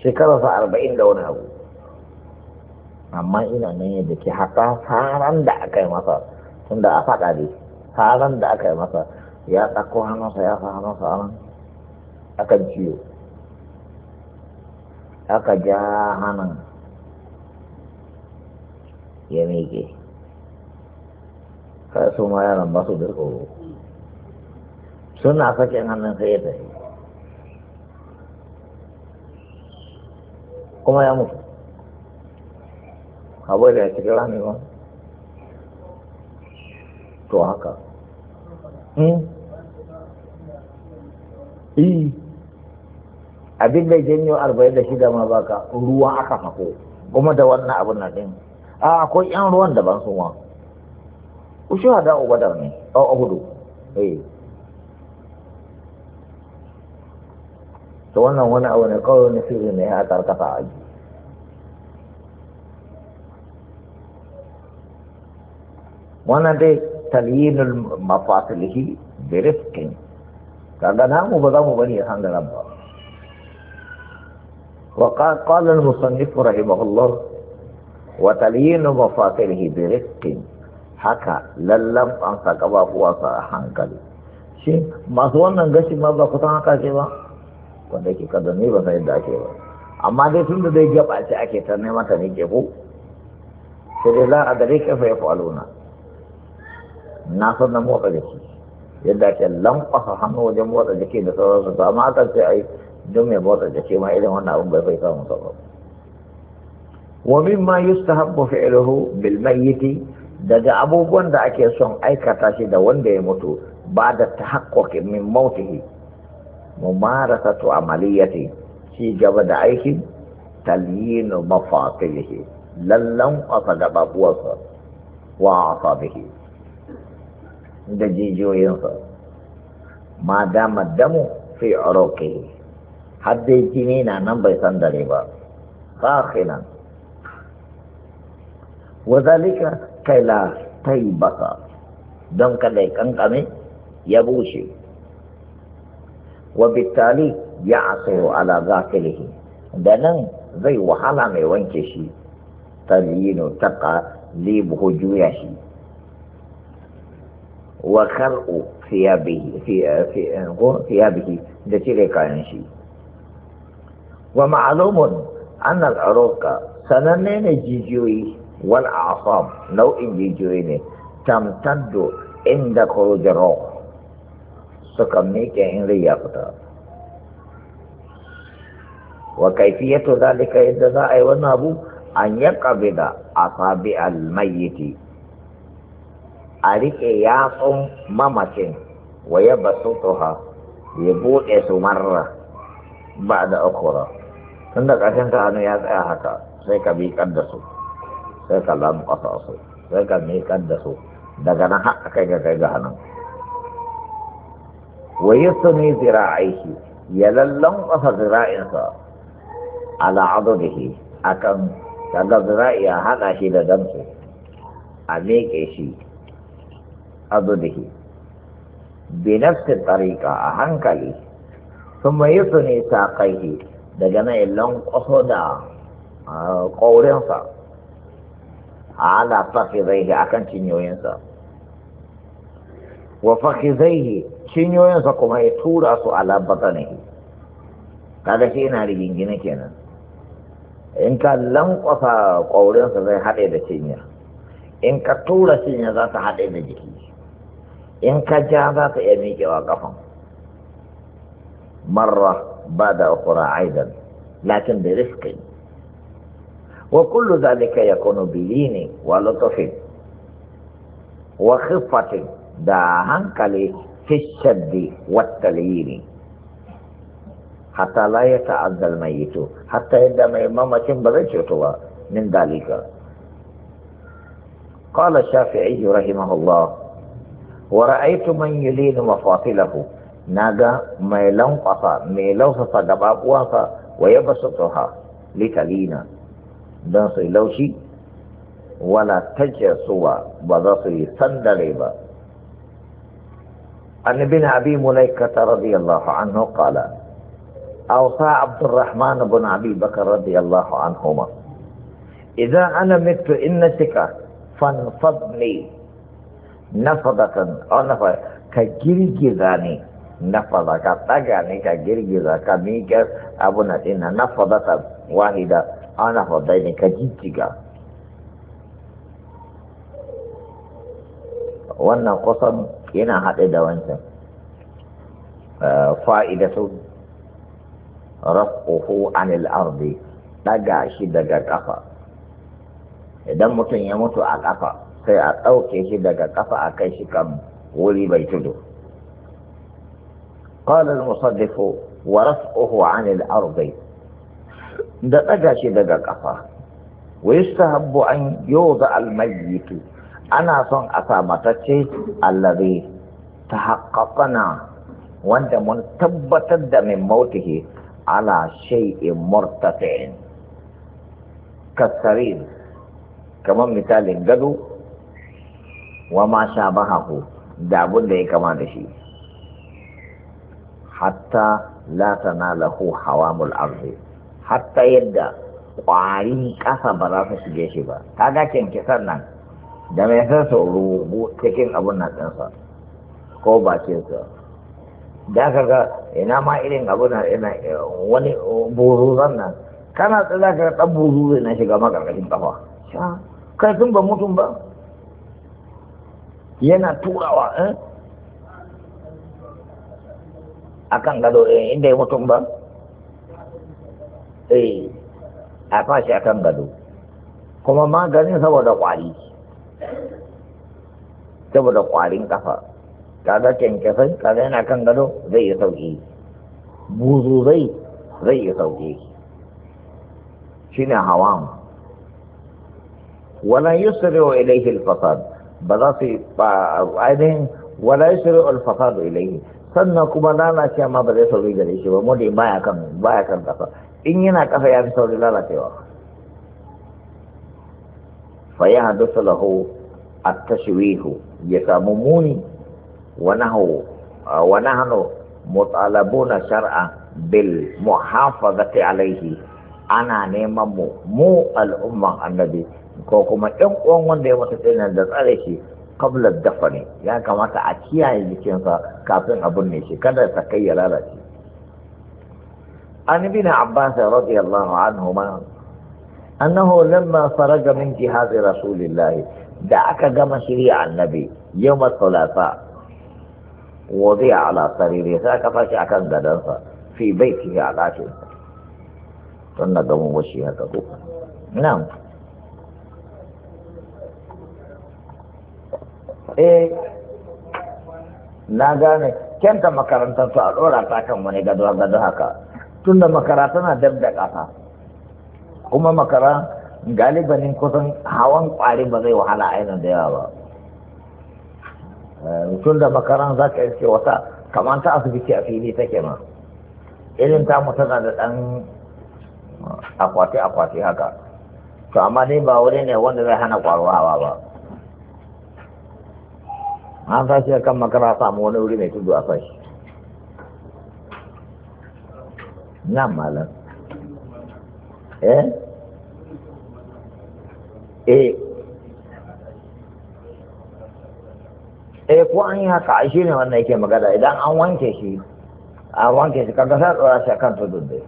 S1: sa arba'in da wani abu amma ina nan yadda ke haka faran da aka yi masa tunda a faɗa ne faran da aka yi masa ya ɗauko hannunsa ya sa hannunsa a akan ciwo aka ja hannun ya mege ka su ma yaran ba su da tsoro suna sakin hannun sai ya tafi kuma ya mutu abu da ya cikin rami ba to haka hmm? abin da janyo arba'in da shida ma baka ruwa aka hako. kuma da wannan abin na ɗin a akwai yan ruwan da ban sunwa ushu hada ubadar ne a hudu eh to wannan wani abu ne kawai na sirri ne a karkata a ji wannan dai talyinul mafasilihi bi rifqin kaga namu ba za mu bari ya hanga ba وقال قال المصنف رحمه الله wa talyinu mafasilihi bi rifqin haka lallan an saka ba a hankali shi masu wannan gashi ma ba kusan haka ce ba wanda yake kada ne ba sai da ake ba amma dai tun da zai gaba ce ake ta nema ta ne ko sai dai za a gare ka fa ya faluna na Na san na motsa jiki yadda ake lankwasa hannu wajen motsa jiki da sauransu amma aka ce ai don mai motsa jiki ma irin wannan abin bai fai samun sauransu wa ma yustahabbu fi'luhu bil mayyit daga abubuwan da ake son aikata shi da wanda ya mutu ba da tahaqquqi min mautihi mumarasatu amaliyati ci gaba da aikin talyinu mafatilihi lallan asa babuwarsa, wa asabihi da jijiyoyinsa ma dama damu fi uruqihi har dai jini na nan bai san dare ba sakhinan wa zalika kai la ta'i baka don kada ya kankame ya bushe wa bitali ya asiru ala zakilihi da nan zai wahala mai wanke shi talino taka libuhu juya shi wa kar'u bihi da cire kayan shi wa ma'alumun annal aroka sananne ne jijiyoyi wal asab nau'in jijiyoyi ne tamtaddu inda khurujir ruh suka miƙe in rai ya wa kaifiyatu zalika yadda za a yi wannan abu an yaqbida asabi al-mayyiti a riƙe yatsun mamacin waya basu tuha ya buɗe su marra ba da ukura tun da ƙarshen ta hannu ya tsaya haka sai ka bi da su sai ka lamu ƙasa su sai ka miƙar da su daga nan har kai ga kai ga hannun wa zira aiki ya lallan ƙasa zira'insa ala a akan daga zira'i a hana shi da damsu a miƙe shi da bi nafsi tsarika a hankali sun mai ta kai daga nan ya lanƙwaso da ƙaurinsa ala fakhidaihi akan cinyoyinsa wa fakhidaihi cinyoyinsa kuma ya tura su ala batanihi Kada shi yana rigingine kenan in ka lankwasa ƙwaurinsa zai haɗe da cinya in ka tura cinya za ta haɗe da jiki in ka ja za ta iya miƙewa ƙafan, marra ba da ukura aidan lakin da riskai وكل ذلك يكون بلين ولطف وخفة دا هنكلي في الشد والتليين حتى لا يتعدى الميت حتى إذا عندما إمامة بذجتها من ذلك قال الشافعي رحمه الله ورأيت من يلين مفاصله ناقا ميلون قصا ميلون صدباب دبابوها ويبسطها لتلينا don su yi laushi wala take suwa ba za su yi sandare ba an ibn abi mulaikata radiyallahu anhu qala awsa abdurrahman ibn abi bakr radiyallahu anhuma idza ana mittu innatika fanfadni nafadatan aw nafa ka girgiza ni nafada ka daga ni ka girgiza ka miƙar abu na ɗin na nafadatan wahida ana fadai ne ka jijjiga wannan kusan yana haɗe da wancan Fa'ida eh, fa'idatu rafuhu anil ardi daga shi daga kafa idan mutum ya mutu a kafa sai a ɗauke shi daga kafa a kai shi kan wuri bai tudu قال المصدف ورفعه عن الأرض da ɗaga shi daga ƙafa wa yustahabbu an yuza al ana son a sa matacce ta tahaqqaqana wanda mun tabbatar da min mautihi ala shay'in murtafi'in kasarin kamar misalin gado wa ma sha bahahu da abin da ya kama da shi hatta la tanalahu hawamul arzi hatta yadda ƙwarin ƙasa ba za su shige shi ba ta ga kyankyasan nan da mai san su cikin abun na ɗansa ko bakinsa da ka ga ina ma irin abun nan ina eh, wani buruzan nan kana tsira ka ɗan buruzu na shiga makarkashin ƙafa kai sun ba mutum ba yana turawa eh kan gado eh, inda ya mutum ba eh a fashi a kan gado kuma maganin saboda kwari saboda kwarin kafa kaga kyankyasai kaga yana kan gado zai yi sauki buzu zai zai yi sauki shine hawan wala yusri'u ilayhi al-fasad ba za su ainihin wala yusri al-fasad ilayhi sannan kuma lalace ma ba zai sauki gare shi ba mu dai baya kan baya kan kafa in yana ƙasa ya fi sauri lalacewa fa ya salahu lahu at-tashwihu ya samu muni wa nahu wa nahnu shar'a bil muhafazati alaihi ana neman mu mu al'umman annabi ko kuma ɗan uwan wanda ya mutu tsinan da tsare shi dafa ne. ya kamata a kiyaye jikinsa kafin abin ne shi kada ta kai ya lalace عن ابن عباس رضي الله عنهما أنه لما فرج من جهاز رسول الله دعك كما شريع النبي يوم الثلاثاء وضع على سريره ذاك فاشع كان قدرها في بيته على عشر قلنا قوم وشي هكذا نعم ايه na gane kyanta makarantar su a ɗora ta kan wani tunda makara tana dab da ƙasa kuma makara galibanin kusan hawan ƙwari ba zai wahala ainihin da yawa ba eh, tun da makaran za ka iske wata kamar ta asibiti a fili ta ke ma irin ta tana da ɗan akwati-akwati haka to amma ne ba wuri ne wanda zai hana ƙwaro hawa ba an sashi kan makara samu wani wuri mai tudu a sashi na malam eh eh eh ko an yi haka shi ne wannan yake magana idan an wanke shi a wanke shi kaga sa tsora shi akan tudun dai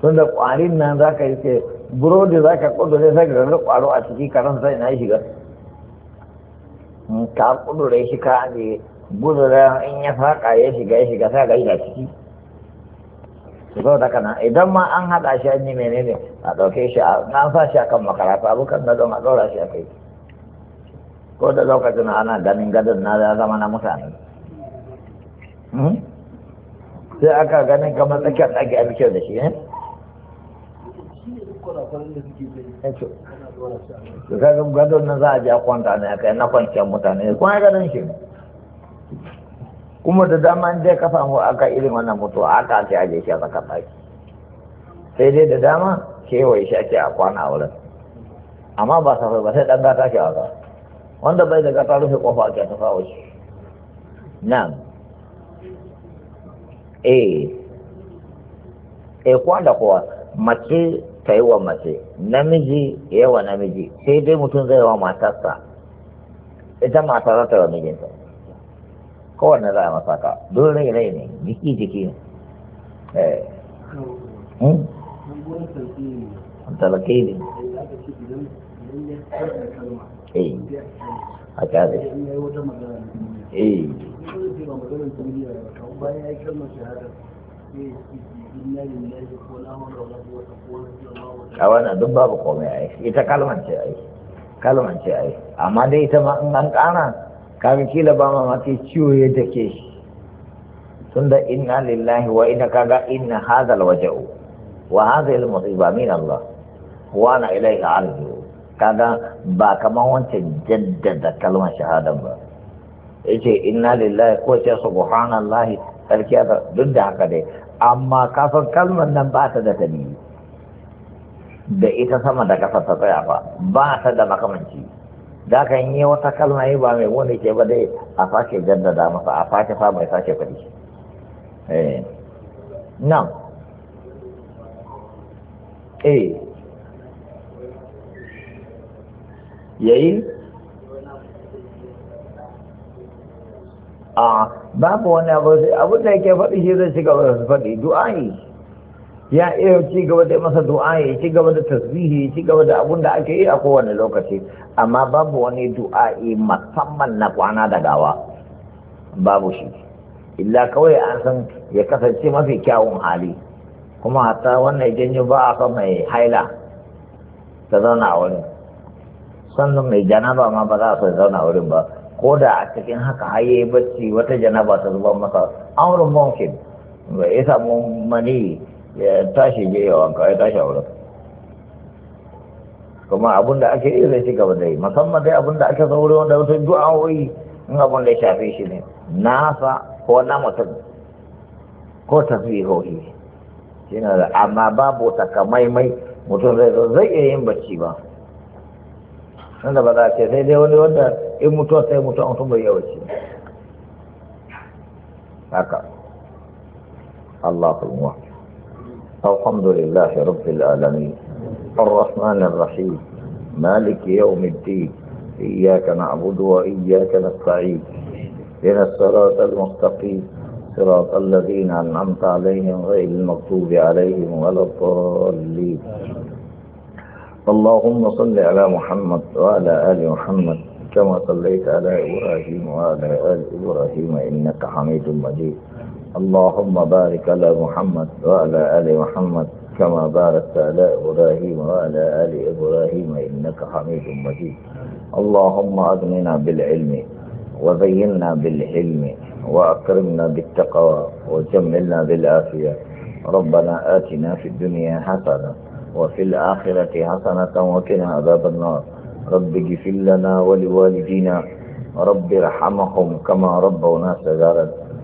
S1: tun da kwarin nan za ka yi ke, burodi za ka kudure sai ka ganga kwaro a ciki karan sai na shiga ka kudure shi ka gudu da in ya saka ya shiga ya shiga sai ga shi a ciki zo da kana idan ma an haɗa shi an yi menene a ɗauke shi an sa shi akan makarata abokan don a ɗora shi a kai ko da lokacin ana ganin gadon na zama na mutane hmm? sai aka ganin kamar tsakiyar da a bikin da shi ne eh? eh, to gadon na za a a kwanta ne a kai na kwanciyar mutane kuma gadon shi ne kuma da dama dai ka samu aka irin wannan mutu aka ake aje shi a tsakar ɗaki sai dai da dama kewaye shi ake a kwana a wurin amma ba safai ba sai dan gata shi a wanda bai da ta rufe kofa ake ta fawo shi nan eh eh kwa da kowa mace ta yi wa mace namiji yawa namiji sai dai mutum zai wa matarsa ita matar ta wa mijinta kowane za a masa ka don rai rai ne jiki jiki ne eh. hmm? talakai ne eh. a kyale eh a wannan duk babu komai a yi ita kalmance a yi kalmance a yi amma dai ita ma in an ƙana kamin kila ba mamaki ciwo ya dake shi tunda inna lillahi wa kaga inna hadha alwaja'u wa hadha almusiba min Allah wa ana ilayka arju kaga ba kaman wancan jaddada kalmar shahada ba yace inna lillahi ko ce subhanallahi sarki da duk da haka dai amma kafin kalmar nan ba ta da tabi da ita sama da kafa ta tsaya ba ba ta da makamanci da ka yi wata kalma yi ba mai wani ke ba dai a fashe jaddada masa a fashe fa mai fashe kudi nan eh yayi a ah, babu wani abu da yake faɗi shi zai shiga wasu faɗi yi ya iya ci gaba da masa du'a ya ci gaba da tasbihi ya ci gaba da abun da ake yi a kowane lokaci amma babu wani du'a'i musamman na kwana da gawa babu shi illa kawai an san ya kasance mafi kyawun hali kuma hatta wannan janyo ba a san mai haila ta zauna a wurin sannan mai janaba ma ba za a zauna a wurin ba ko da a cikin haka haye bacci wata janaba ta zuba masa auren mumkin ya samu mani ya tashi je ya wanka ya tashi a wurin kuma abin da ake yi zai ci gaba da yi musamman dai abin da ake saurin wanda wata du'a'o'i in abin da ya shafe shi ne nasa ko na mutum ko tasbihohi shi na da amma babu takamaimai mutum zai zo zai iya yin bacci ba da ba za a ce sai dai wani wanda in mutuwa sai mutuwa mutum bai yawanci haka Allah kulmuwa الحمد لله رب العالمين الرحمن الرحيم مالك يوم الدين إياك نعبد وإياك نستعين إلى الصراط المستقيم صراط الذين أنعمت عليهم غير المغضوب عليهم ولا الضالين اللهم صل على محمد وعلى آل محمد كما صليت على إبراهيم وعلى آل إبراهيم إنك حميد مجيد اللهم بارك على محمد وعلى آل محمد كما باركت على إبراهيم وعلى آل إبراهيم إنك حميد مجيد اللهم أغننا بالعلم وزينا بالحلم وأكرمنا بالتقوى وجملنا بالعافية ربنا آتنا في الدنيا حسنة وفي الآخرة حسنة وقنا عذاب النار رب اغفر لنا ولوالدينا رب ارحمهم كما ربونا صغارا